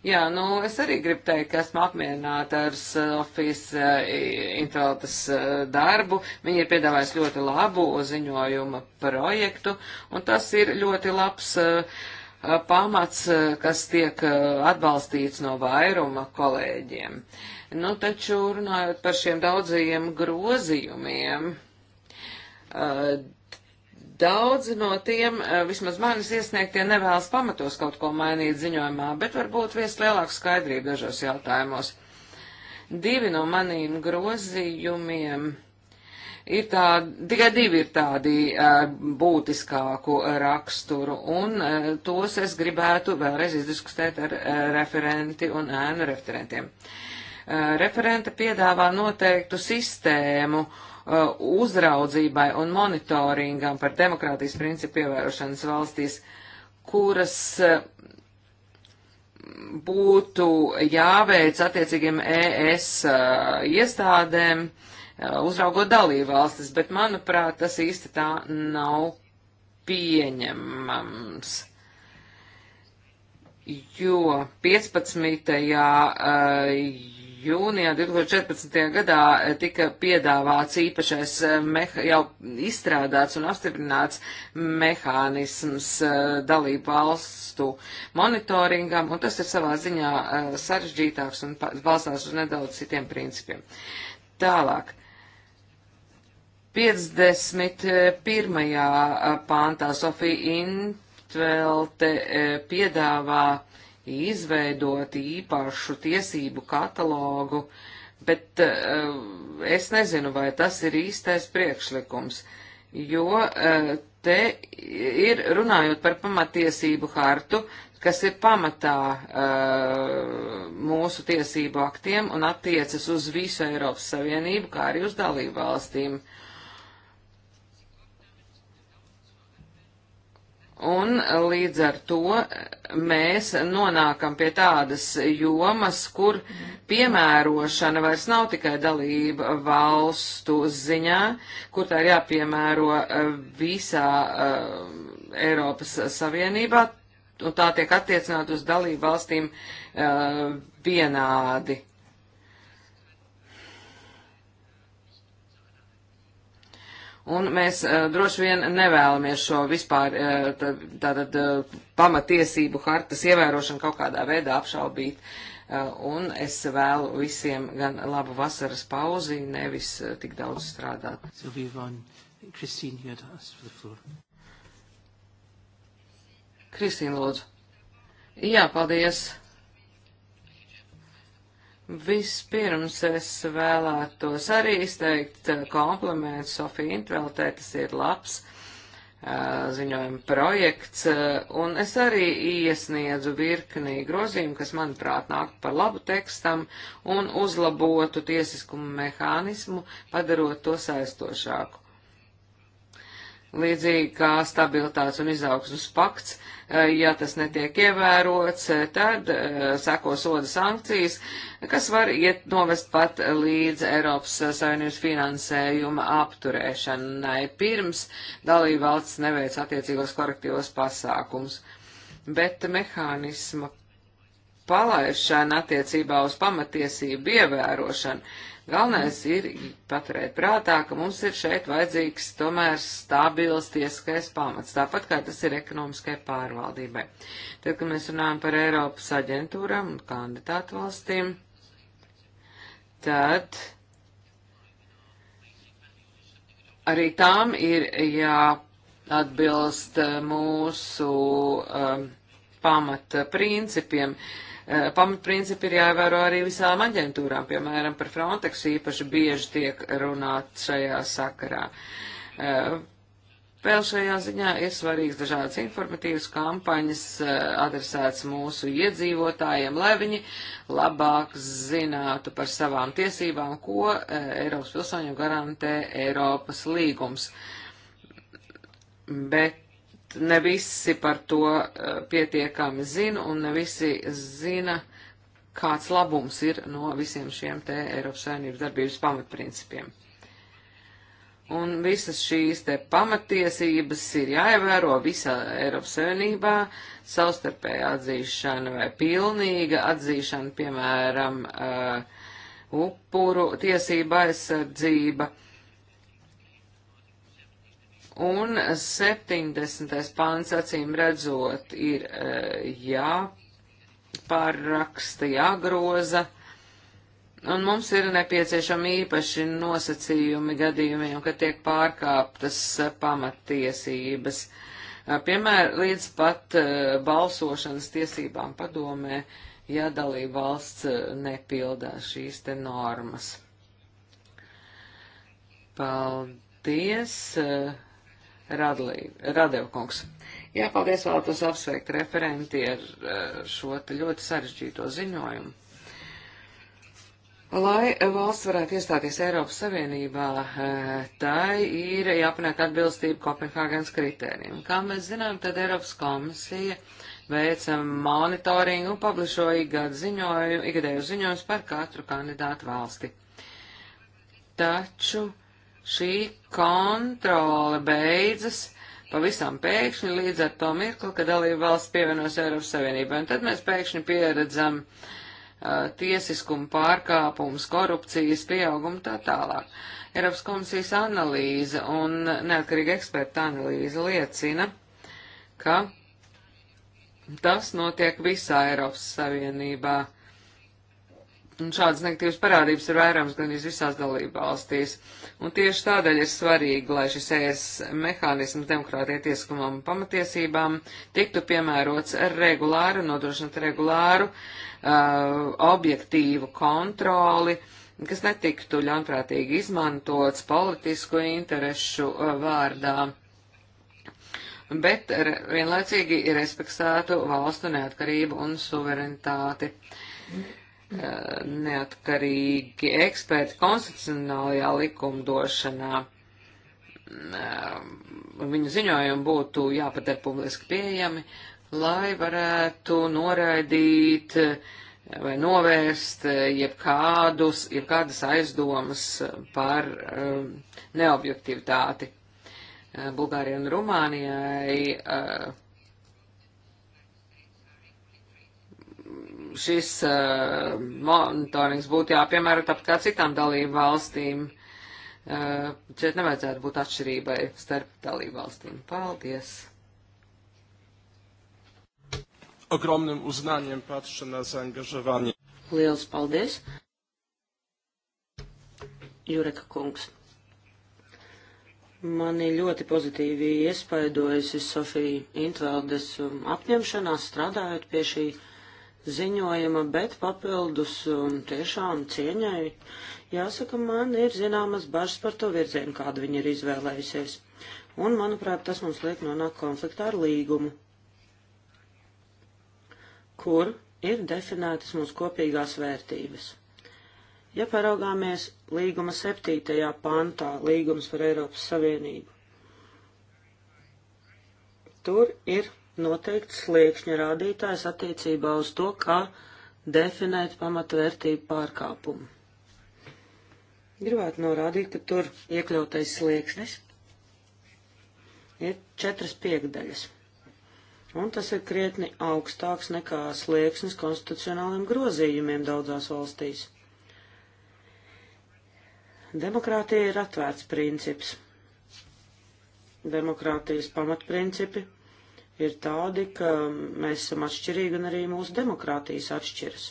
Jā, nu es arī gribu teikt, ka esmu apmierināta ar Sofijas uh, Inteltas uh, darbu. Viņa ir piedāvājusi ļoti labu ziņojuma projektu, un tas ir ļoti labs uh, pamats, kas tiek atbalstīts no vairuma kolēģiem. Nu, taču runājot par šiem daudzajiem grozījumiem, Daudzi no tiem, eh, vismaz manis iesniegtie, nevēlas pamatos kaut ko mainīt ziņojumā, bet varbūt viest lielāku skaidrību dažos jautājumos. Divi no maniem grozījumiem ir tā, tikai divi ir tādi uh, būtiskāku raksturu, un uh, tos es gribētu vēlreiz izdiskutēt ar uh, referenti un ēnu referentiem. Referenta piedāvā noteiktu sistēmu Uh, uzraudzībai un monitoringam par demokrātijas principu ievērošanas valstīs, kuras uh, būtu jāveic attiecīgiem ES uh, iestādēm, uzraugot dalību valstis, bet manuprāt, tas īsti tā nav pieņemams. Jo 15. Jūnijā 2014. gadā eh, tika piedāvāts īpašais eh, meha, jau izstrādāts un apstiprināts mehānisms eh, dalību valstu monitoringam, un tas ir savā ziņā sarežģītāks un balstās uz nedaudz citiem principiem. Tālāk. 51. pāntā Sofija Intvelte piedāvā izveidot īpašu tiesību katalogu, bet uh, es nezinu, vai tas ir īstais priekšlikums, jo uh, te ir runājot par pamatiesību hartu, kas ir pamatā uh, mūsu tiesību aktiem un attiecas uz visu Eiropas Savienību, kā arī uz dalību valstīm. Uh, Un līdz ar to mēs nonākam pie tādas jomas, kur piemērošana vairs nav tikai dalība valstu ziņā, kur tā ir jāpiemēro eh, visā uh, Eiropas Savienībā, un tā tiek attiecināt uz dalību valstīm uh, vienādi. Un mēs uh, droši vien nevēlamies šo vispār uh, tātad uh, pamatiesību hartas ievērošanu kaut kādā veidā apšaubīt. Uh, un es vēlu visiem gan labu vasaras pauzi, nevis uh, tik daudz strādāt. So Kristīna, lūdzu. Jā, paldies. Vispirms es vēlētos arī izteikt eh, komplimentu Sofija Intveltē, tas ir labs uh, ziņojuma projekts, uh, un es arī iesniedzu virknī grozījumu, kas, manuprāt, nāk par labu tekstam un uzlabotu tiesiskumu mehānismu, padarot to saistošāku. Līdzīgi kā stabilitātes un izaugsmas pakts, eh, ja tas netiek ievērots, eh, tad eh, seko soda sankcijas, kas var iet novest pat līdz Eiropas Savienības finansējuma apturēšanai, pirms dalība valsts neveic attiecīgos korektīvos pasākums. Bet mehānisma palaišana attiecībā uz pamatiesību ievērošanu Galvenais ir paturēt prātā, ka mums ir šeit vajadzīgs tomēr stabils tieskais pamats, tāpat kā tas ir ekonomiskai pārvaldībai. Tad, kad mēs runājam par Eiropas aģentūram un kandidātu valstīm, tad arī tām ir jāatbilst mūsu um, pamata principiem. Uh, Eh, pamatprincipi ir jāievēro arī visām aģentūrām, piemēram, par Frontex īpaši bieži tiek runāt šajā sakarā. Eh, vēl šajā ziņā ir svarīgs dažādas informatīvas kampaņas eh, adresētas mūsu iedzīvotājiem, lai viņi labāk zinātu par savām tiesībām, ko Eiropas pilsoņu garantē Eiropas līgums. Bet ne visi par to eh, pietiekami zina, un ne visi zina, kāds labums ir no visiem šiem te Eiropas Savienības darbības pamatprincipiem. Un visas šīs te pamatiesības ir jāievēro visā Eiropas Savienībā, savstarpēja atzīšana vai pilnīga atzīšana, piemēram, uh, upuru tiesība aizsardzība. Uh, Un 70. pāns acīm redzot ir eh, jāpārraksta, jāgroza, un mums ir nepieciešami īpaši nosacījumi gadījumiem, kad tiek pārkāptas eh, pamattiesības. Eh, Piemēram, līdz pat balsošanas tiesībām padomē, ja dalība valsts nepildā šīs te normas. Paldies! Radlī, Radevkungs. Jā, paldies vēlētos apsveikt referenti ar eh, šo ļoti sarežģīto ziņojumu. Lai valsts varētu iestāties Eiropas Savienībā, eh, tai ir jāpanāk atbilstība Kopenhāgenes kritērijiem. Kā mēs zinām, tad Eiropas komisija veica monitoringu un publišo ikgad ziņoju, ikgadēju ziņojumus par katru kandidātu valsti. Taču uh, šī kontrole beidzas pavisam pēkšņi līdz ar to mirkli, kad dalība valsts pievienos Eiropas Savienībai. Un tad mēs pēkšņi pieredzam uh, tiesiskumu pārkāpumus, korupcijas pieaugumu tā tālāk. Eiropas komisijas analīze un neatkarīga eksperta analīze liecina, ka tas notiek visā Eiropas Savienībā. Un šādas negatīvas parādības ir vērams gan visās dalība valstīs. Uh, Un tieši tādēļ ir svarīgi, lai šis ES mehānisms demokrātie tieskumam un pamatiesībām tiktu piemērots regulāri, nodrošinot regulāru, uh, objektīvu kontroli, kas netiktu ļaunprātīgi izmantots politisku interešu uh, vārdā. Bet re, vienlaicīgi ir respektētu valstu neatkarību un suverenitāti. Uh, Eh, neatkarīgi eksperti konstitucionālajā likumdošanā. Eh, viņu ziņojumi būtu jāpadara publiski pieejami, lai varētu noraidīt vai novērst eh, jebkādus, jebkādas aizdomas par um, neobjektivitāti. Bulgārijai un Rumānijai uh, šis uh, monitorings būtu jāpiemēro tāpat kā citām dalību valstīm. Uh, šeit nevajadzētu būt atšķirībai starp dalību valstīm. Paldies! Ogromnym uznaniem patrzę na zaangażowanie. Liels paldies! Jureka kungs. Mani ļoti pozitīvi iespaidojusi Sofija Intveldes um, apņemšanās strādājot pie šī ziņojuma, bet papildus um, tiešām cieņai. Jāsaka, man ir zināmas bažas par to virzienu, kādu viņi ir izvēlējusies. Un, manuprāt, tas mums liek nonākt konfliktā ar līgumu, kur ir definētas mūsu kopīgās vērtības. Ja paraugāmies līguma septītajā pantā, līgums par Eiropas Savienību, tur ir noteikts sliekšņa rādītājs attiecībā uz to, kā definēt pamatvērtību pārkāpumu. Gribētu norādīt, ka tur iekļautais slieksnis ir četras piekdaļas, un tas ir krietni augstāks nekā slieksnis konstitucionāliem grozījumiem daudzās valstīs. Demokrātija ir atvērts princips. Demokrātijas pamatprincipi ir tādi, ka mēs esam atšķirīgi un arī mūsu demokrātijas atšķiras.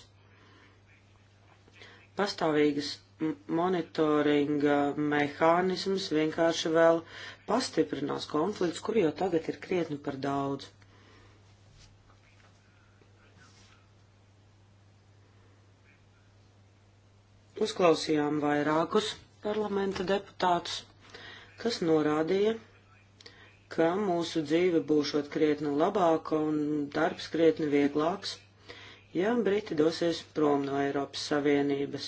Pastāvīgas monitoringa mehānisms vienkārši vēl pastiprinās konflikts, kur jau tagad ir krietni par daudz. Uzklausījām vairākus parlamenta deputātus, kas norādīja, ka mūsu dzīve būšot krietni labāka un darbs krietni vieglāks, ja Briti dosies prom no Eiropas Savienības.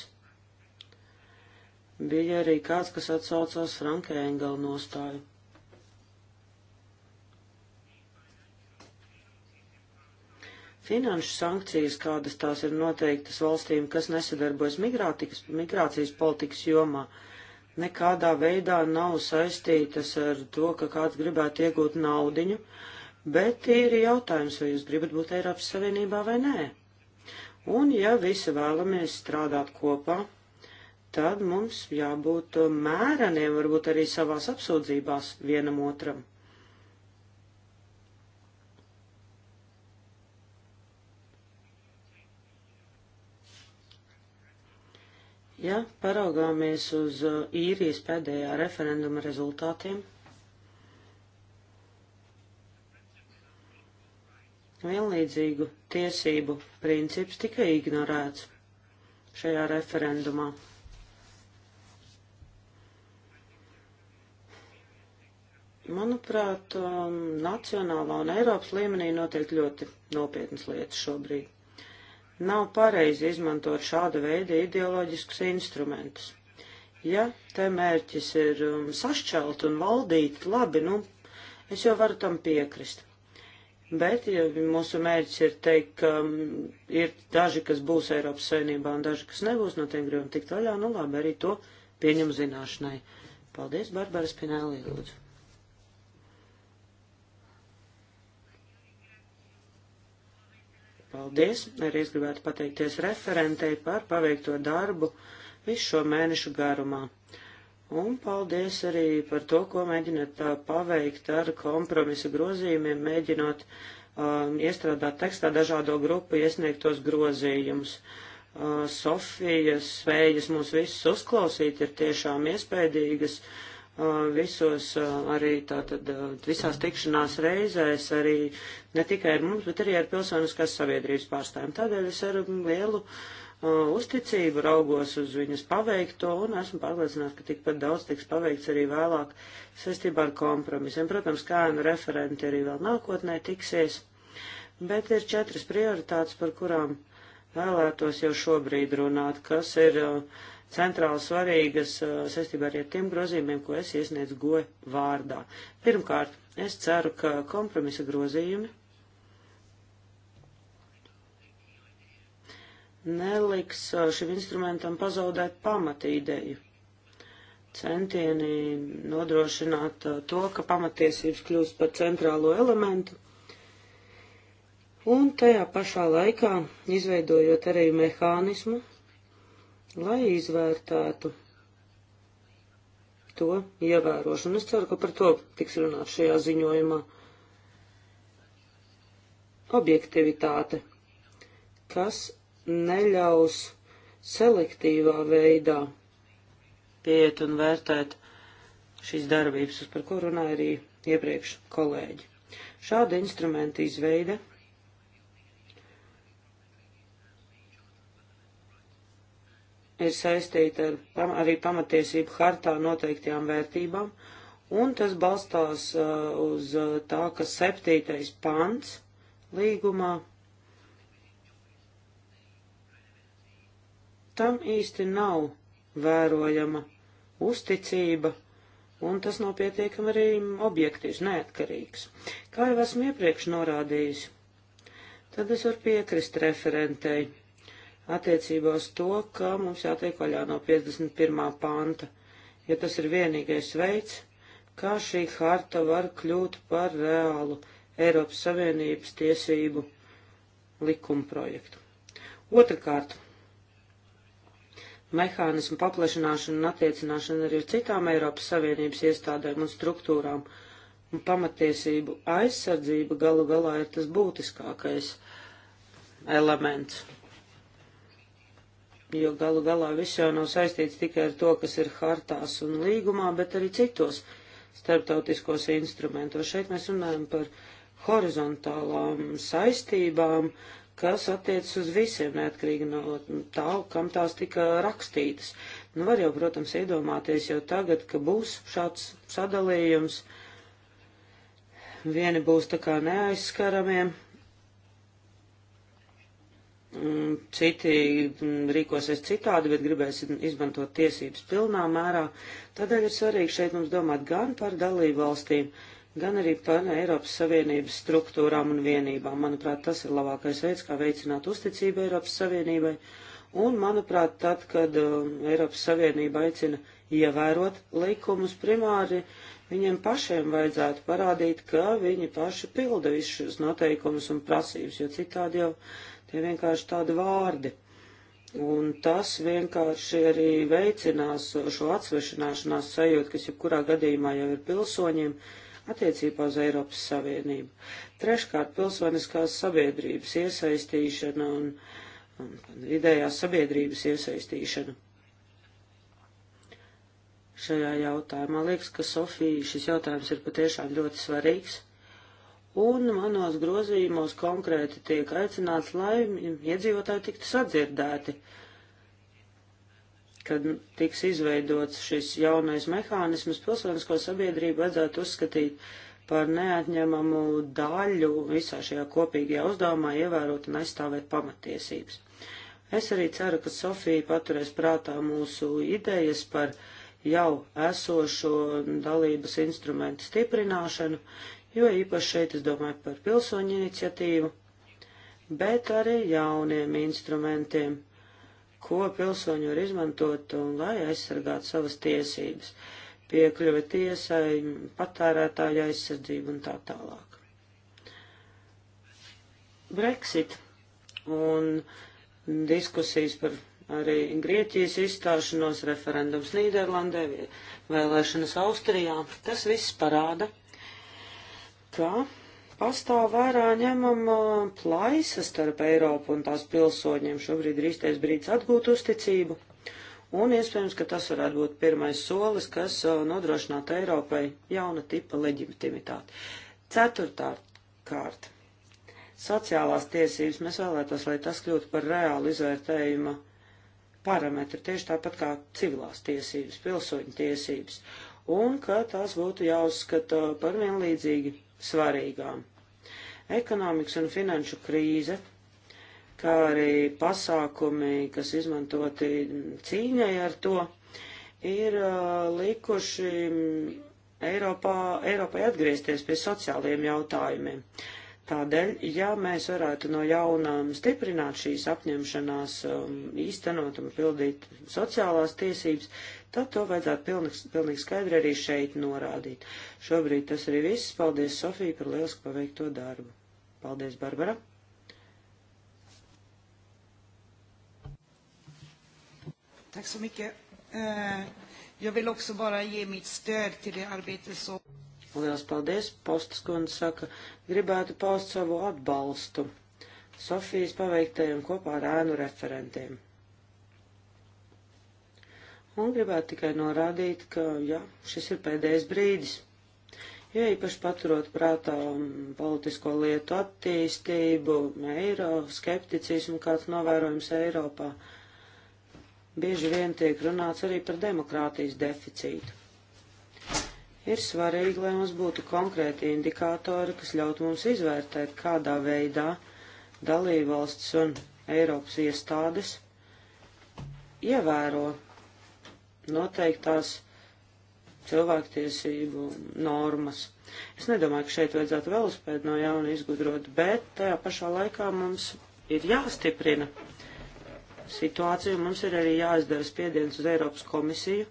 Bija arī kāds, kas atsaucās Franka Engela nostāju. Finanšu sankcijas, kādas tās ir noteiktas valstīm, kas nesadarbojas migrācijas politikas jomā, uh, nekādā veidā nav saistītas ar to, ka kāds gribētu iegūt naudiņu, bet ir jautājums, vai jūs gribat būt Eiropas Savienībā vai nē. Un ja visi vēlamies strādāt kopā, tad mums jābūt mēreniem varbūt arī savās apsūdzībās vienam otram. Ja paraugāmies uz uh, īrijas pēdējā referenduma rezultātiem, vienlīdzīgu tiesību princips tika ignorēts šajā referendumā. Manuprāt, um, nacionālā un Eiropas līmenī notiek ļoti nopietnas lietas šobrīd. Nav pareizi izmantot šāda veida ideoloģiskus instrumentus. Ja te mērķis ir um, sašķelt un valdīt, labi, nu, es jau varu tam piekrist. Bet ja mūsu mērķis ir teikt, ka um, ir daži, kas būs Eiropas saimnībā un daži, kas nebūs, no tiem gribam tikt vaļā, nu labi, arī to pieņem zināšanai. Paldies, Barbara Spinelli, lūdzu. Paldies! Arī es gribētu pateikties referentei par paveikto darbu visu šo mēnešu garumā. Un paldies arī par to, ko mēģināt uh, paveikt ar kompromisu grozījumiem, mēģinot um, iestrādāt tekstā dažādo grupu iesniegtos grozījumus. Uh, Sofijas spējas mūs visus uzklausīt ir tiešām iespējīgas. Uh, Uh, visos uh, arī tātad uh, visās tikšanās reizēs arī ne tikai ar mums, bet arī ar pilsoniskās sabiedrības pārstāvjiem. Tādēļ es ar lielu uzticību raugos uz viņas paveikto un esmu pārliecināts, ka tikpat daudz tiks paveikts arī vēlāk saistībā ar kompromisiem. Protams, kā nu referenti arī vēl nākotnē tiksies, bet ir četras prioritātes, par kurām vēlētos jau šobrīd runāt, kas ir uh, centrāli svarīgas uh, saistībā arī ar tiem grozījumiem, ko es iesniedzu goja vārdā. Pirmkārt, es ceru, ka kompromisa grozījumi neliks uh, šim instrumentam pazaudēt pamata ideju. Centieni nodrošināt uh, to, ka pamatiesības kļūst par centrālo elementu un tajā pašā laikā izveidojot arī mehānismu, lai izvērtētu to ievērošanu. Es ceru, ka par to tiks runāts šajā ziņojumā. Objektivitāte, kas neļaus selektīvā veidā pieiet un vērtēt šīs darbības, par ko runāja arī iepriekš kolēģi. Šāda instrumenta izveide ir saistīta ar pam, arī pamatiesību hartā noteiktajām vērtībām, un tas balstās uh, uz uh, tā, ka septītais pants līgumā tam īsti nav vērojama uzticība, un tas nav pietiekami arī objektīvs, neatkarīgs. Kā jau esmu iepriekš norādījis, tad es varu piekrist referentei attiecībā uz to, ka mums jātiek vaļā no 51. panta, jo ja tas ir vienīgais veids, kā šī harta var kļūt par reālu Eiropas Savienības tiesību likuma projektu. Otrakārt, mehānismu paplašināšana un attiecināšana arī uz citām Eiropas Savienības iestādēm un struktūrām un pamatiesību aizsardzība galu galā ir tas būtiskākais elements jo galu galā viss jau nav saistīts tikai ar to, kas ir hartās un līgumā, bet arī citos starptautiskos instrumentos. Šeit mēs runājam par horizontālām saistībām, kas attiecas uz visiem, neatkarīgi no tā, kam tās tika rakstītas. Nu, var jau, protams, iedomāties jau tagad, ka būs šāds sadalījums. Vieni būs tā kā neaizskaramiem, Mm, citi mm, rīkosies citādi, bet gribēs izmantot tiesības pilnā mērā. Tādēļ ir svarīgi šeit mums domāt gan par dalību valstīm, gan arī par Eiropas Savienības struktūrām un vienībām. Manuprāt, tas ir labākais veids, kā veicināt uzticību Eiropas Savienībai. Un, manuprāt, tad, kad um, Eiropas Savienība aicina ievērot likumus primāri, viņiem pašiem vajadzētu parādīt, ka viņi paši pilda visus šos noteikumus un prasības, jo citādi jau Tie vienkārši tādi vārdi. Un tas vienkārši arī veicinās šo atsvešināšanās sajūtu, kas jebkurā gadījumā jau ir pilsoņiem attiecībā uz Eiropas Savienību. Treškārt, pilsoniskās sabiedrības iesaistīšana un, un, un vidējās sabiedrības iesaistīšana. Šajā jautājumā liekas, ka Sofija šis jautājums ir patiešām ļoti svarīgs. Un manos grozījumos konkrēti tiek aicināts, lai iedzīvotāji tiktu sadzirdēti, kad tiks izveidots šis jaunais mehānisms, pilsonisko sabiedrību vajadzētu uzskatīt par neatņemamu daļu visā šajā kopīgajā uzdevumā ievērot un aizstāvēt pamatiesības. Es arī ceru, ka Sofija paturēs prātā mūsu idejas par jau esošo dalības instrumentu stiprināšanu, jo īpaši šeit es domāju par pilsoņu iniciatīvu, bet arī jauniem instrumentiem, ko pilsoņi var izmantot un lai aizsargātu savas tiesības, piekļuve tiesai, patērētāja aizsardzība un tā tālāk. Brexit un diskusijas par arī Grieķijas izstāšanos, referendums Nīderlandē, vēlēšanas Austrijā. Tas viss parāda, ka pastāv vērā ņemama plaisa starp Eiropu un tās pilsoņiem. Šobrīd ir īstais brīdis atgūt uzticību, un iespējams, ka tas varētu būt pirmais solis, kas uh, nodrošinātu Eiropai jauna tipa leģitimitāti. Ceturtā kārta. Sociālās tiesības mēs vēlētos, lai tas kļūtu par reālu izvērtējuma parametru, tieši tāpat kā civilās tiesības, pilsoņu tiesības, un ka tās būtu jāuzskata uh, par vienlīdzīgi svarīgām. Ekonomikas un finanšu krīze, kā arī pasākumi, kas izmantoti cīņai ar to, ir uh, likuši Eiropā, Eiropai atgriezties pie sociāliem jautājumiem. Uh, Tādēļ, ja mēs varētu no jaunām stiprināt šīs apņemšanās, um, īstenot un pildīt sociālās tiesības, tad to vajadzētu pilnīgi, pilnīgi skaidri arī šeit norādīt. Šobrīd tas arī viss. Paldies, Sofija, par lielisku paveikto darbu. Paldies, Barbara! Tack så mycket. Eh, jag vill också bara ge mitt stöd till det arbete som... Lielas paldies, postas kundze saka, gribētu paust savu atbalstu Sofijas paveiktajam kopā ar ēnu referentiem. Un gribētu tikai norādīt, ka, jā, šis ir pēdējais brīdis. Jo īpaši paturot prātā politisko lietu attīstību, eiro, skepticismu, kāds novērojums Eiropā, bieži vien tiek runāts arī par demokrātijas deficītu. Ir svarīgi, lai mums būtu konkrēti indikātori, kas ļaut mums izvērtēt, kādā veidā dalībvalstis un Eiropas iestādes ievēro noteiktās cilvēktiesību normas. Es nedomāju, ka šeit vajadzētu vēl uzspēt no jauna izgudrot, bet tajā pašā laikā mums ir jāstiprina situācija, mums ir arī jāizdara spiediens uz Eiropas komisiju,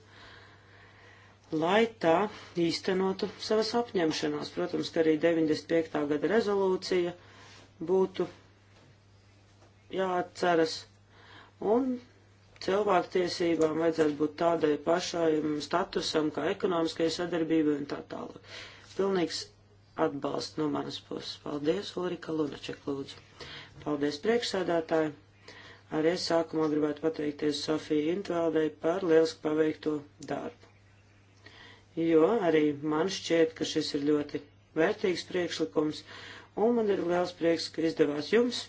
lai tā īstenotu savas apņemšanās. Protams, ka arī 95. gada rezolūcija būtu jāatceras, un cilvēktiesībām vajadzētu būt tādai pašai statusam kā ekonomiskajai sadarbībai un tā tālāk. Pilnīgs atbalsts no manas puses. Paldies, Ulrika Lunaček, lūdzu. Paldies, priekšsēdētāji. Arī es sākumā gribētu pateikties Sofiju Intvēldei par lieliski paveikto darbu jo arī man šķiet, ka šis ir ļoti vērtīgs priekšlikums, un man ir liels prieks, ka izdevās jums,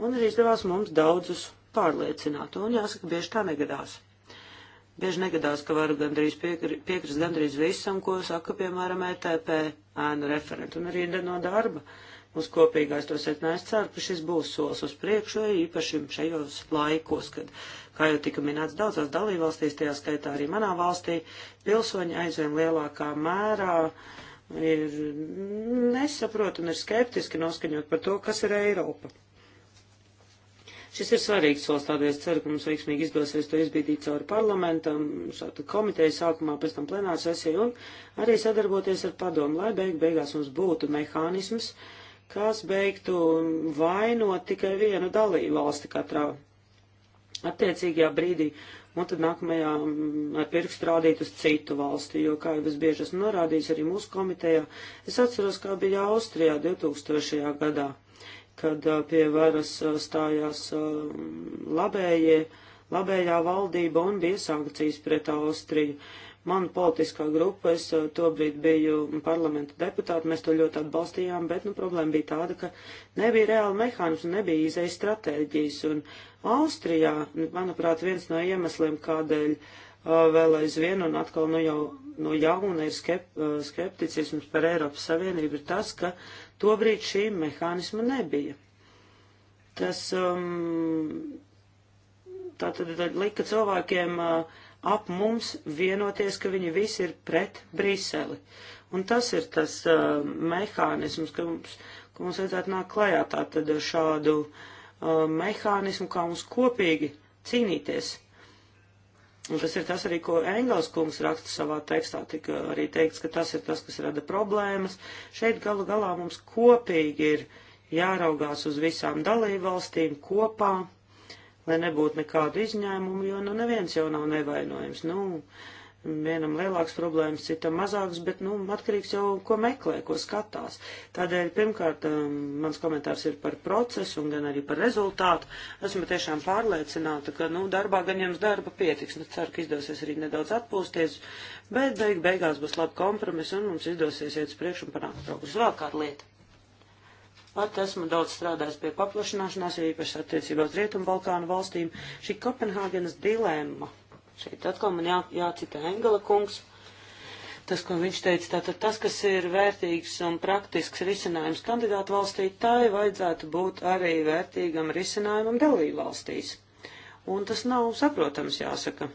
un arī izdevās mums daudzus pārliecināt, un jāsaka, bieži tā negadās. Bieži negadās, ka varu gandrīz piekri, piekrist gandrīz visam, ko saka, piemēram, ETP ēnu referentu, un arī no darba. Uh, uz kopīgais tos etnē. Es ceru, ka šis būs solis uz priekšu, īpaši šajos laikos, kad, kā jau tika minēts daudzās dalībvalstīs, tajā skaitā arī manā valstī, pilsoņi aizvien lielākā mērā ir nesaprot un ir skeptiski noskaņot par to, kas ir Eiropa. Šis ir svarīgs solis, tādēļ es ceru, ka mums veiksmīgi izdosies to izbīdīt cauri parlamentam, komiteju sākumā, pēc tam plenāru sesiju un arī sadarboties ar padomu, lai beig beigās mums būtu mehānisms, uh, kas beigtu vainot tikai vienu dalību valsti katrā attiecīgajā brīdī, un tad nākamajā mm, ar pirkstu rādīt uz citu valsti, jo, kā jau es bieži esmu norādījis arī mūsu komitejā, es atceros, kā bija Austrijā 2000. gadā, kad pie varas stājās labējie, labējā valdība un bija sankcijas pret Austriju. Uh, Mana politiskā grupa, es eh, tobrīd biju parlamenta deputāta, mēs to ļoti atbalstījām, bet nu, problēma bija tāda, ka nebija reāla mehānismu, nebija izējas stratēģijas. Un Austrijā, nu, manuprāt, viens no iemesliem, kādēļ eh, vēl aizvien un atkal nu jau no jauna ir skep, eh, skepticisms par Eiropas Savienību, ir tas, ka tobrīd šī mehānisma nebija. Tas um, tātad lika cilvēkiem uh, ap mums vienoties, ka viņi visi ir pret Briseli. Un tas ir tas uh, mehānisms, ka mums, ka mums vajadzētu nākt klajā tātad šādu uh, mehānismu, kā mums kopīgi cīnīties. Un tas ir tas arī, ko Engels kungs raksta savā tekstā, tika arī teikts, ka tas ir tas, kas rada problēmas. Šeit galu galā mums kopīgi ir jāraugās uz visām dalībvalstīm kopā lai nebūtu nekādu izņēmumu, jo nu neviens jau nav nevainojams. Nu, vienam lielāks problēmas, citam mazāks, bet nu, atkarīgs jau, ko meklē, ko skatās. Tādēļ, pirmkārt, um, mans komentārs ir par procesu un gan arī par rezultātu. Esmu tiešām pārliecināta, ka nu, darbā gan jums darba pietiks. Nu, ceru, ka izdosies arī nedaudz atpūsties, bet beig beigās būs labi kompromis un mums izdosies iet uz priekšu un panākt progresu. Vēl kāda lieta. Pat esmu daudz strādājis pie paplašināšanās, jo īpaši attiecībā uz Rietumbalkānu valstīm. Šī Kopenhāgenes dilemma, šeit atkal man jā, jācita Engela kungs, tas, ko viņš teica, tātad tas, kas ir vērtīgs un praktisks risinājums kandidātu valstī, tai vajadzētu būt arī vērtīgam risinājumam dalību valstīs. Un tas nav saprotams, jāsaka.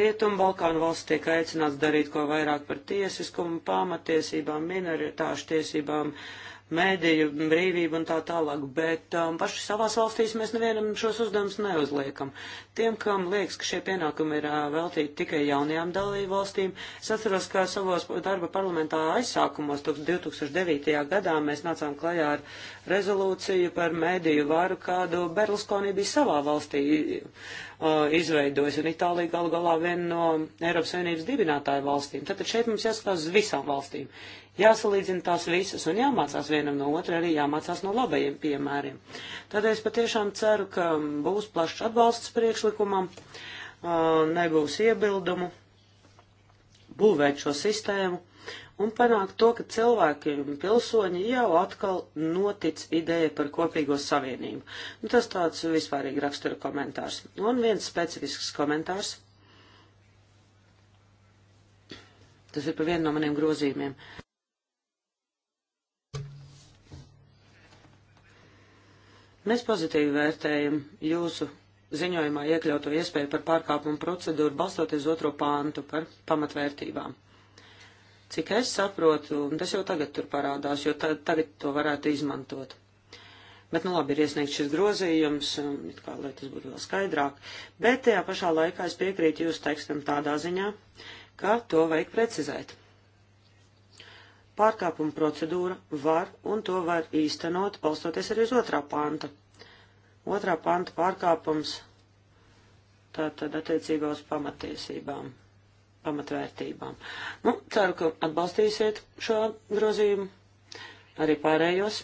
Rietumu Balkānu valsts tiek aicināts darīt ko vairāk par tiesiskumu, pamatiesībām, minoritāšu tiesībām, uh, mēdīju brīvību un tā tālāk, bet um, paši savās valstīs mēs nevienam šos uzdevumus neuzliekam. Tiem, kam liekas, ka šie pienākumi ir uh, veltīti tikai jaunajām dalību valstīm, es atceros, ka savos darba parlamentā aizsākumos 2009. gadā mēs nācām klajā ar rezolūciju par mediju varu, kādu Berluskonī bija savā valstī uh, izveidojis, un Itālija galu galā viena no Eiropas Savienības dibinātāju valstīm. Tātad šeit mums jāskatās uz visām valstīm. Jāsalīdzina tās visas un jāmācās vienam no otra, arī jāmācās no labajiem piemēriem. Tādēļ es patiešām ceru, ka būs plašs atbalsts priekšlikumam, uh, nebūs iebildumu būvēt šo sistēmu un panākt to, ka cilvēki un pilsoņi jau atkal notic ideja par kopīgo savienību. Nu, tas tāds vispārīgi rakstura komentārs. Un viens specifisks komentārs. Tas ir par vienu no maniem grozījumiem. Mēs pozitīvi vērtējam jūsu ziņojumā iekļauto iespēju par pārkāpumu procedūru balstoties otro pāntu par pamatvērtībām. Cik es saprotu, un tas jau tagad tur parādās, jo tā, tagad to varētu izmantot. Bet, nu labi, ir iesniegts šis grozījums, kā, lai tas būtu vēl skaidrāk. Bet tajā pašā laikā es piekrītu jūsu tekstam tādā ziņā, ka to vajag precizēt. Pārkāpuma procedūra var un to var īstenot, balstoties arī uz otrā panta. Otrā panta pārkāpums tātad attiecībā uz pamatiesībām pamatvērtībām. Nu, ceru, ka atbalstīsiet šo grozījumu, arī pārējos.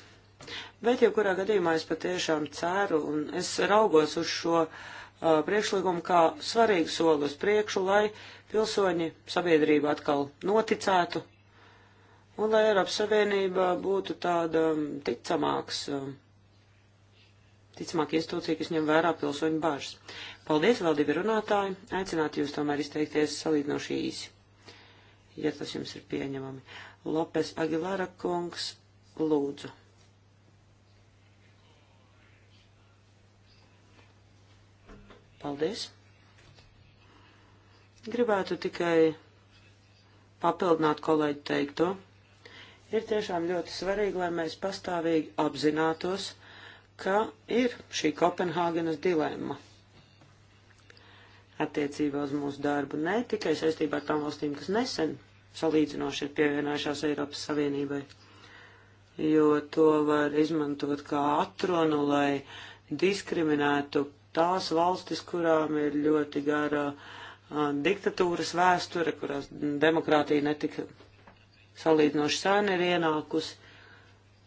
Bet, ja kurā gadījumā es patiešām ceru un es raugos uz šo uh, priekšlikumu kā svarīgu soli uz priekšu, lai pilsoņi sabiedrību atkal noticētu un lai Eiropas Savienība būtu tāda um, ticamāks. Um, ticamāk institūcija, kas ņem vērā pilsoņu bažas. Paldies, vēl divi runātāji. Aicinātu jūs tomēr izteikties salīdzinoši īsi, ja tas jums ir pieņemami. Lopes Agilara kungs, lūdzu. Paldies. Gribētu tikai papildināt kolēģi teikto. Ir tiešām ļoti svarīgi, lai mēs pastāvīgi apzinātos, ka ir šī Kopenhāgenes dilemma attiecībā uz mūsu darbu ne tikai saistībā ar tām valstīm, kas nesen salīdzinoši ir pievienojušās Eiropas Savienībai, jo to var izmantot kā atronu, lai diskriminētu tās valstis, kurām ir ļoti gara a, diktatūras vēsture, kurās demokrātija netika salīdzinoši sēni ir ienākusi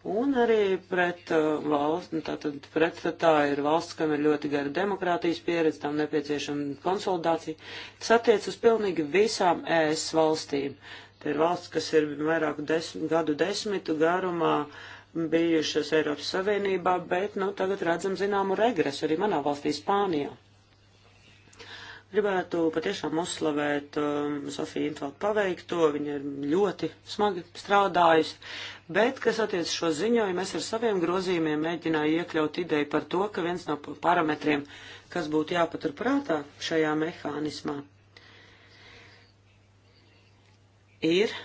Un arī pret uh, valsts, nu, tātad pretstatā ir valsts, kam ir ļoti gara demokrātijas pieredze, tam nepieciešama konsolidācija. Tas attiec uz pilnīgi visām ES valstīm. Te ir valsts, kas ir vairāku desmit, gadu desmitu garumā bijušas Eiropas Savienībā, bet, nu, tagad redzam zināmu regresu arī manā valstī Spānijā. Gribētu patiešām uzslavēt um, Sofiju Intvaldu paveikto, viņa ir ļoti smagi strādājusi, bet, kas attiec šo ziņojumu, es ar saviem grozījumiem mēģināju iekļaut ideju par to, ka viens no parametriem, kas būtu jāpaturprātā šajā mehānismā, ir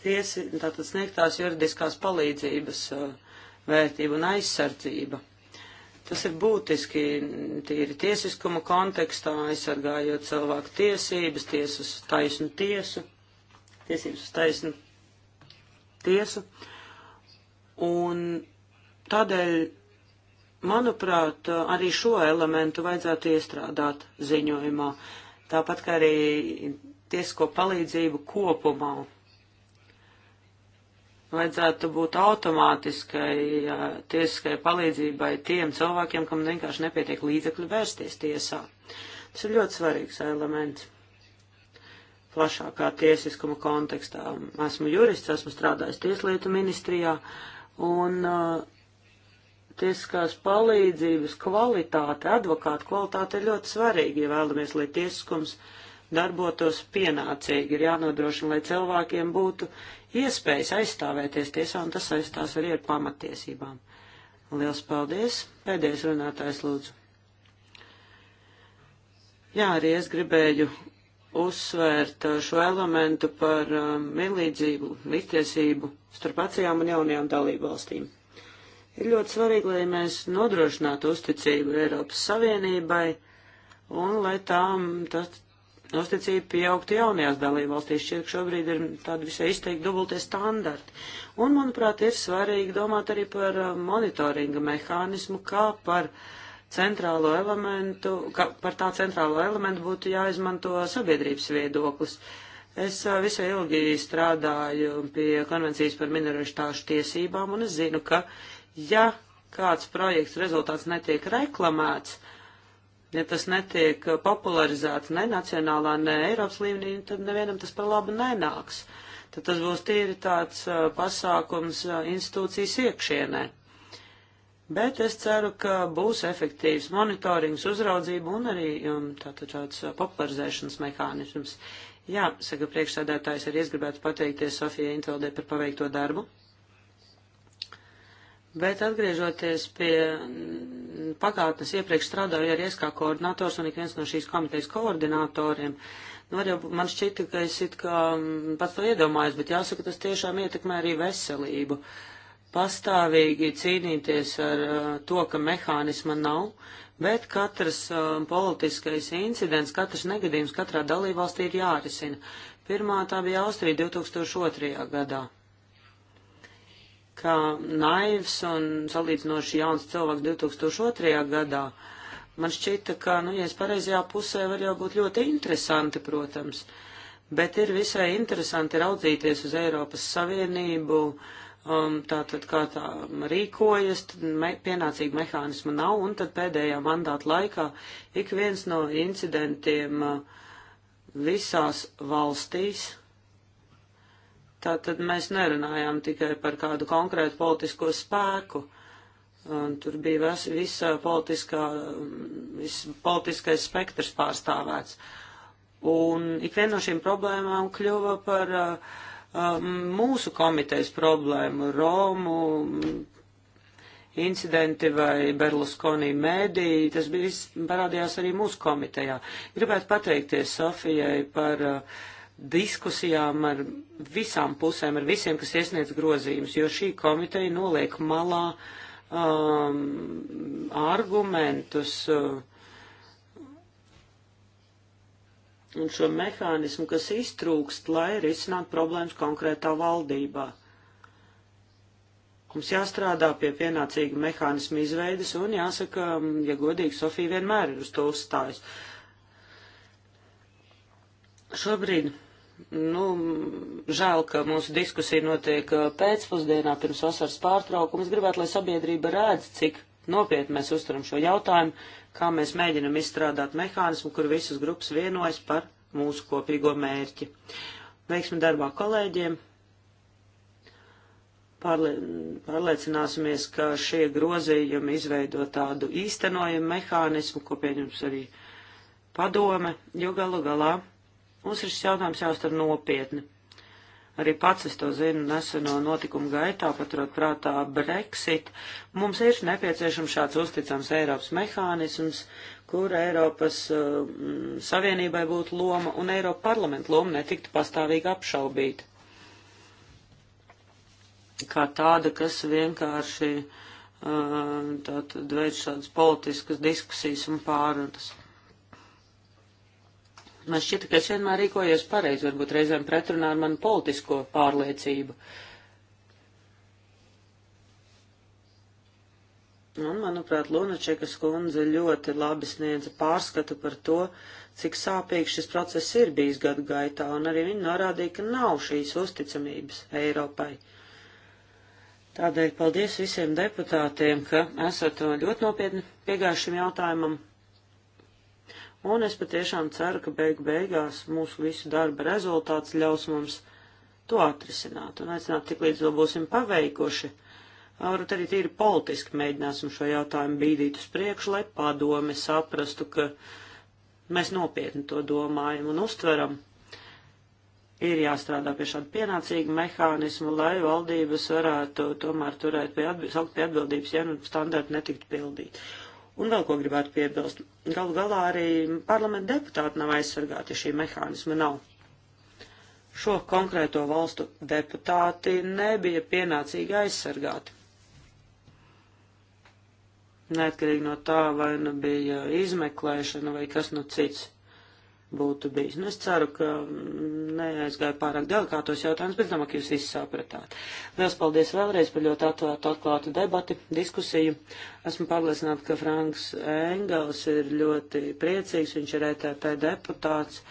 tiesi, tātad sniegtās juridiskās palīdzības uh, vērtība un aizsardzība. Tas ir būtiski tīri tiesiskuma kontekstā, aizsargājot cilvēku tiesības, tiesas taisnu tiesu, tiesības uz taisnu tiesu. Un tādēļ, manuprāt, arī šo elementu vajadzētu iestrādāt ziņojumā, tāpat kā arī tiesisko palīdzību kopumā vajadzētu būt automātiskai jā, tiesiskai palīdzībai tiem cilvēkiem, kam vienkārši nepietiek līdzekļi vērsties tiesā. Tas ir ļoti svarīgs elements plašākā tiesiskuma kontekstā. Esmu jurists, esmu strādājis tieslietu ministrijā, un uh, tiesiskās palīdzības kvalitāte, advokāta kvalitāte ir ļoti svarīga, ja vēlamies, lai tiesiskums uh, darbotos pienācīgi. Ir jānodrošina, lai cilvēkiem būtu iespējas aizstāvēties tiesā, un tas saistās arī ar pamatiesībām. Liels paldies! Pēdējais runātājs lūdzu. Jā, arī es gribēju uzsvērt uh, šo elementu par um, vienlīdzību, līdztiesību starp acījām un jaunajām dalībvalstīm. Ir ļoti svarīgi, lai mēs nodrošinātu uzticību Eiropas Savienībai un lai tām, tas, uzticība pieaugtu jaunajās dalībvalstīs. Šķiet, ka šobrīd ir tādi visai izteikti dubultie standarti. Un, manuprāt, ir svarīgi domāt arī par uh, monitoringa mehānismu, kā par centrālo elementu, kā par tā centrālo elementu būtu jāizmanto sabiedrības viedoklis. Es uh, visai ilgi strādāju pie konvencijas par minoritāšu tiesībām, un es zinu, ka ja kāds projekts rezultāts netiek reklamēts, Ja tas netiek popularizēts ne nacionālā, ne Eiropas līmenī, tad nevienam tas par labu nenāks. Tad tas būs tīri tāds uh, pasākums uh, institūcijas iekšienē. Bet es ceru, ka būs efektīvs monitorings, uzraudzība un arī um, tātad tāds uh, popularizēšanas mehānisms. Jā, saka priekšsēdētājs, arī es gribētu pateikties Sofijai Intveldē par paveikto darbu. Bet atgriežoties pie pagātnes, iepriekš strādāju arī es kā koordinators un ik viens no šīs komitejas koordinatoriem. Nu, arī man šķita, ka es it kā pats to iedomājos, bet jāsaka, tas tiešām ietekmē arī veselību. Pastāvīgi cīnīties ar to, ka mehānisma nav, bet katrs politiskais incidents, katrs negadījums katrā dalībvalstī ir jārisina. Pirmā tā bija Austrija 2002. gadā ka naivs un salīdzinoši jauns cilvēks 2002. gadā. Man šķita, ka, nu, ja es pareizajā pusē var jau būt ļoti interesanti, protams, bet ir visai interesanti raudzīties uz Eiropas Savienību, um, tātad kā tā rīkojas, me, pienācīgi mehānismu nav, un tad pēdējā mandāta laikā ik viens no incidentiem uh, visās valstīs Tātad mēs nerunājām tikai par kādu konkrētu politisko spēku. Un tur bija ves, visa politiskā, viss politiskais spektrs pārstāvēts. Un ik viena no šīm problēmām kļuva par uh, um, mūsu komitejas problēmu, Romu incidenti vai Berluskonī mēdī, tas bija viss parādījās arī mūsu komitejā. Gribētu pateikties Sofijai par uh, diskusijām ar visām pusēm, ar visiem, kas iesniedz grozījumus, jo šī komiteja noliek malā um, argumentus uh, un šo mehānismu, kas iztrūkst, lai risinātu problēmas konkrētā valdībā. Mums jāstrādā pie pienācīga mehānismu izveidas un jāsaka, um, ja godīgi, Sofija vienmēr ir uz to uzstājusi. Šobrīd Nu, žēl, ka mūsu diskusija notiek uh, pēcpusdienā pirms vasaras pārtraukuma. Es gribētu, lai sabiedrība redz, cik nopietni mēs uztveram šo jautājumu, kā mēs mēģinam izstrādāt mehānismu, kur visas grupas vienojas par mūsu kopīgo mērķi. Veiksmi darbā kolēģiem! Pārlie, pārliecināsimies, ka šie grozījumi izveido tādu īstenojumu mehānismu, ko pieņems arī padome, jo galu galā Mums ir šis jautājums jāuztver nopietni. Arī pats es to zinu neseno notikumu gaitā, paturot prātā Brexit. Mums ir nepieciešams šāds uzticams Eiropas mehānisms, kur Eiropas uh, Savienībai būtu loma un Eiropa parlamenta loma netiktu pastāvīgi apšaubīta. Kā tāda, kas vienkārši uh, veids šādas politiskas diskusijas un pārunas. Man šķita, ka es vienmēr rīkojos pareizi, varbūt reizēm pretrunā ar manu politisko pārliecību. Un, manuprāt, Lunačekas kundze ļoti labi sniedza pārskatu par to, cik sāpīgs šis process ir bijis gadu gaitā, un arī viņa norādīja, ka nav šīs uzticamības Eiropai. Tādēļ paldies visiem deputātiem, ka esat ļoti nopietni piegājušiem jautājumam Un es patiešām ceru, ka beig beigās mūsu visu darba rezultāts ļaus mums to atrisināt un aicināt tik līdz to būsim paveikuši. Varbūt arī tīri politiski mēģināsim šo jautājumu bīdīt uz priekšu, lai padome saprastu, ka mēs nopietni to domājam un uztveram. Ir jāstrādā pie šāda pienācīga mehānisma, lai valdības varētu tomēr turēt pie, atb pie atbildības, ja nu standarti netiktu pildīti. Un vēl ko gribētu piebilst. Galu galā arī parlamenta deputāti nav aizsargāti, ja šī mehānisma nav. Šo konkrēto valstu deputāti nebija pienācīgi aizsargāti. Neatkarīgi no tā, vai nu bija izmeklēšana vai kas nu cits būtu bijis. Nu, es ceru, ka neaizgāju pārāk delikātos jautājumus, bet domāju, ka jūs visi sapratāt. Lielas paldies vēlreiz par ļoti atvērtu, atklātu debati, diskusiju. Esmu pārliecināta, ka Franks Engels ir ļoti priecīgs, viņš ir ETP deputāts,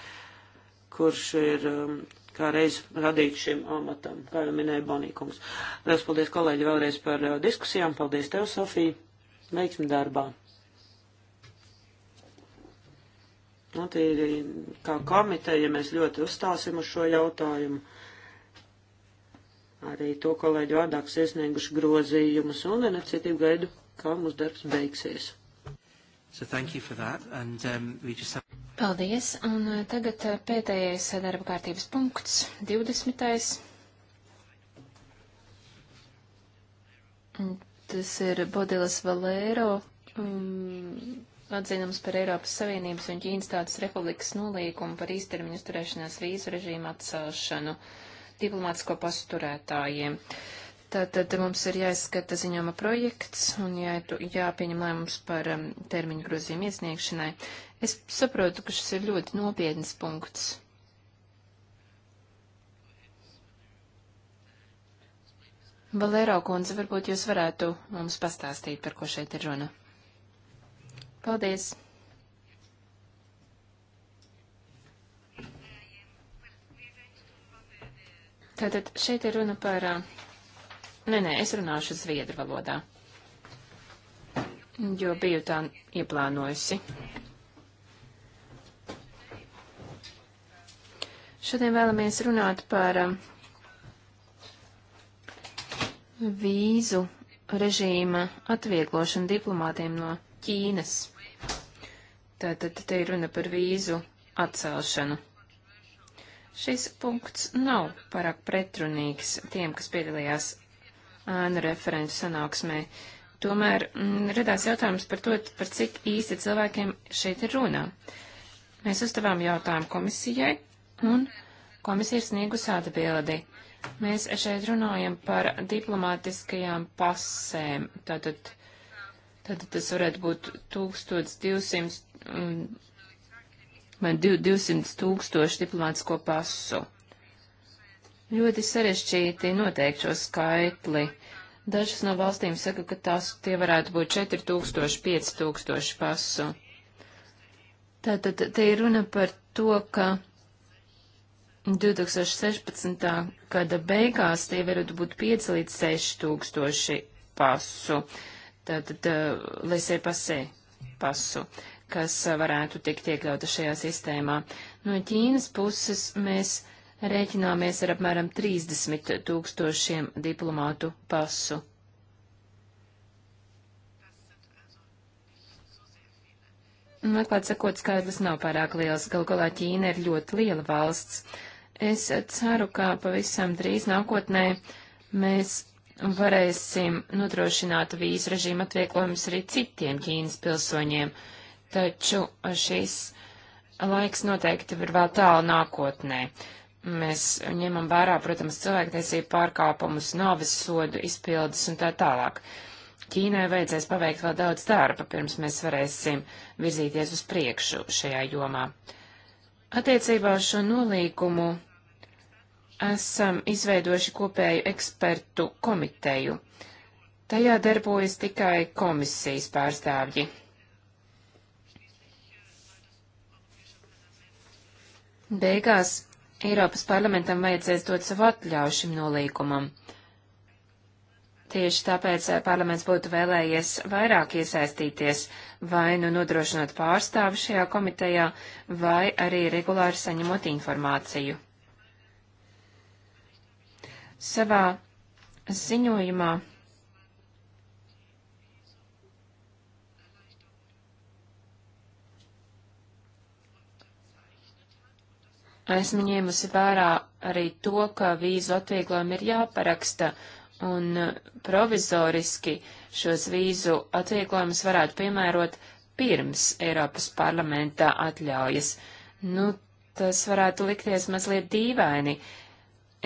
kurš ir um, kā reiz radīts šim amatam, kā jau minēja Bonīkungs. Lielas paldies kolēģi vēlreiz par uh, diskusijām, paldies tev, Sofija, veiksmi darbā! Nu, tīri eh, kā komiteja, mēs ļoti uzstāsim uz šo jautājumu. Arī to kolēģi vārdāks iesnieguši grozījumus un iniciatīvu gaidu, kā mūsu darbs beigsies. So thank you for that, and um, we just have... Paldies, un eh, tagad eh, pēdējais darba kārtības punkts, 20. Tas ir Bodilas Valēro um, atzinums par Eiropas Savienības un Ķīnas tādas republikas nolīgumu par īstermiņu uzturēšanās vīzu režīmu atcelšanu diplomātsko pasturētājiem. Tātad mums ir jāizskata ziņojuma projekts un jā, jāpieņem lēmums par um, termiņu grozījumu iesniegšanai. Es saprotu, ka šis ir ļoti nopietns punkts. Valērā kundze, varbūt jūs varētu mums pastāstīt, par ko šeit ir runa. Paldies! Tātad šeit ir runa par. Nē, nē, es runāšu zviedru valodā, jo biju tā ieplānojusi. Šodien vēlamies runāt par vīzu režīma atvieglošanu diplomātiem no Ķīnas. Tātad te ir runa par vīzu atcelšanu. Šis punkts nav parāk pretrunīgs tiem, kas piedalījās ēnu referentu sanāksmē. Tomēr m, mm, radās jautājums par to, par cik īsti cilvēkiem šeit ir runā. Mēs uzdevām jautājumu komisijai, un komisija ir sniegusi atbildi. Mēs šeit runājam par diplomātiskajām pasēm, tātad Tad tas varētu būt 1200 un, mm, vai 200 tūkstoši diplomātsko pasu. Ļoti sarežģīti noteikt šo skaitli. Dažas no valstīm saka, ka tās tie varētu būt 4000, 5000 pasu. Tātad te ir runa par to, ka 2016. gada beigās tie varētu būt 5 līdz 6 tūkstoši pasu tātad lesē pasē pasu, kas varētu tikt iekļauta šajā sistēmā. No Ķīnas puses mēs rēķināmies ar apmēram 30 tūkstošiem diplomātu pasu. Nu, atklāt sakot, skaidrs nav pārāk liels, gal galā Ķīna ir ļoti liela valsts. Es ceru, ka pavisam drīz nākotnē mēs varēsim nodrošināt vīzu režīmu atvieglojumus arī citiem Ķīnas pilsoņiem, taču šis laiks noteikti ir vēl tālu nākotnē. Mēs ņemam vērā, protams, cilvēktiesību pārkāpumus, nāves sodu izpildes un tā tālāk. Ķīnai vajadzēs paveikt vēl daudz darba, pirms mēs varēsim virzīties uz priekšu šajā jomā. Attiecībā uz šo nolīgumu esam izveidojuši kopēju ekspertu komiteju. Tajā darbojas tikai komisijas pārstāvji. Beigās Eiropas parlamentam vajadzēs dot savu atļauju šim nolīgumam. Tieši tāpēc eh, parlaments būtu vēlējies vairāk iesaistīties, vai nu nodrošinot pārstāvu šajā komitejā, vai arī regulāri saņemot informāciju. Savā ziņojumā esmu ņēmusi vērā arī to, ka vīzu atvieglojumi ir jāparaksta, un provizoriski šos vīzu atvieglojumus varētu piemērot pirms Eiropas parlamentā atļaujas. Nu, tas varētu likties mazliet dīvaini,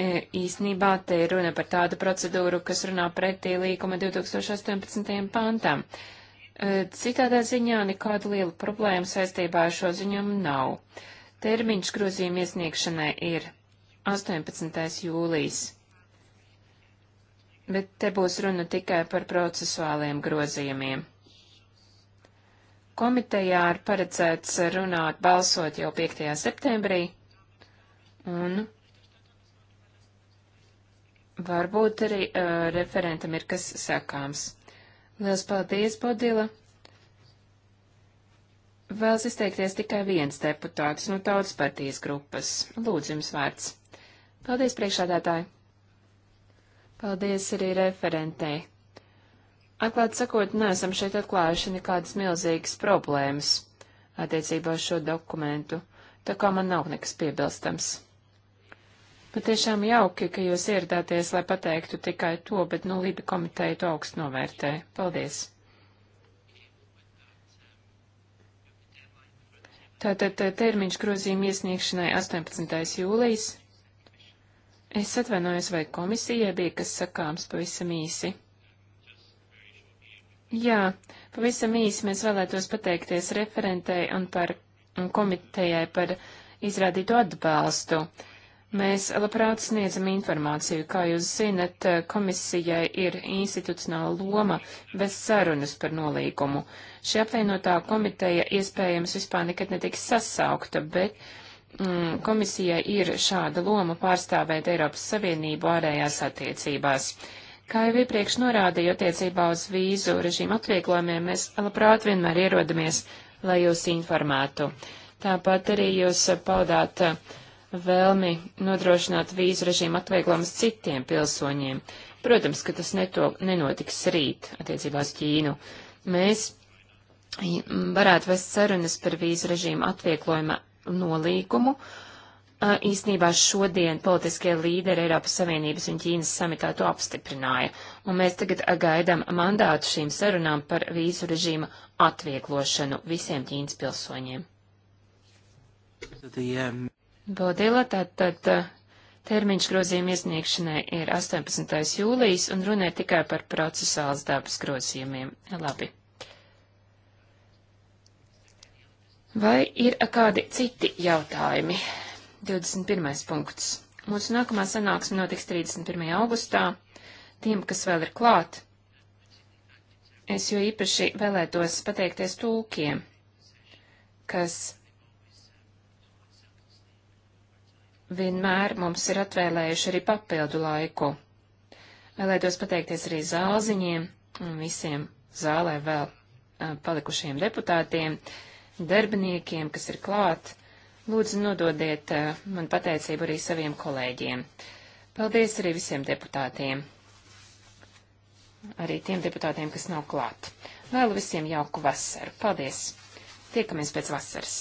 E, īsnībā te ir runa par tādu procedūru, kas runā pretī līkuma 2018. pantam. E, citādā ziņā nekāda liela problēma saistībā ar šo ziņojumu nav. Termiņš grozījuma iesniegšanai ir 18. jūlijas. Bet te būs runa tikai par procesuāliem grozījumiem. Komitejā ir paredzēts runāt balsot jau 5. septembrī, un Varbūt arī uh, referentam ir kas sakāms. Liels paldies, Bodila! Vēlas izteikties tikai viens deputāts no tautas partijas grupas. Lūdzu, jums vārds. Paldies, priekšādātāji! Paldies arī referentei. Atklāt sakot, neesam šeit atklājuši nekādas milzīgas problēmas attiecībā uz šo dokumentu, tā kā man nav nekas piebilstams. Patiešām jauki, ka jūs ieradāties, lai pateiktu tikai to, bet nu Libi komiteja to augstu novērtē. Paldies! Tātad termiņš grozījuma iesniegšanai 18. jūlijas. Es atvainojos, vai komisijai bija kas sakāms pavisam īsi. Jā, pavisam īsi mēs vēlētos pateikties referentei un par un komitejai par izrādītu atbalstu. Mēs labprāt sniedzam informāciju. Kā jūs zinat, komisijai ir institucionāla loma bez sarunas par nolīgumu. Šī apvienotā komiteja iespējams vispār nekad netiks sasaukta, bet mm, komisijai ir šāda loma pārstāvēt Eiropas Savienību ārējās attiecībās. Kā jau iepriekš norādīju, attiecībā uz vīzu režīmu atvieglojumiem mēs labprāt vienmēr ierodamies, lai jūs informētu. Tāpat arī jūs paudāt uh, vēlmi nodrošināt vīzu režīmu atvieglojumus citiem pilsoņiem. Protams, ka tas neto, nenotiks rīt attiecībā uz Ķīnu. Mēs varētu vest sarunas par vīzu režīmu atvieglojuma nolīgumu. Īsnībā šodien politiskie līderi Eiropas Savienības un Ķīnas samitā to apstiprināja, un mēs tagad gaidām mandātu šīm sarunām par vīzu režīmu atvieglošanu visiem Ķīnas pilsoņiem. The, um... Bodila, tātad termiņš grozījuma iesniegšanai ir 18. jūlijas un runē tikai par procesuāls dabas grozījumiem. Labi. Vai ir kādi citi jautājumi? 21. punkts. Mūsu nākamā sanāksme notiks 31. augustā. Tiem, kas vēl ir klāt, es jo īpaši vēlētos pateikties tūkiem, kas vienmēr mums ir atvēlējuši arī papildu laiku. Vēlētos pateikties arī zālziņiem un visiem zālē vēl palikušiem deputātiem, darbiniekiem, kas ir klāt. Lūdzu, nododiet man pateicību arī saviem kolēģiem. Paldies arī visiem deputātiem. Arī tiem deputātiem, kas nav klāt. Vēlu visiem jauku vasaru. Paldies! Tiekamies pēc vasaras!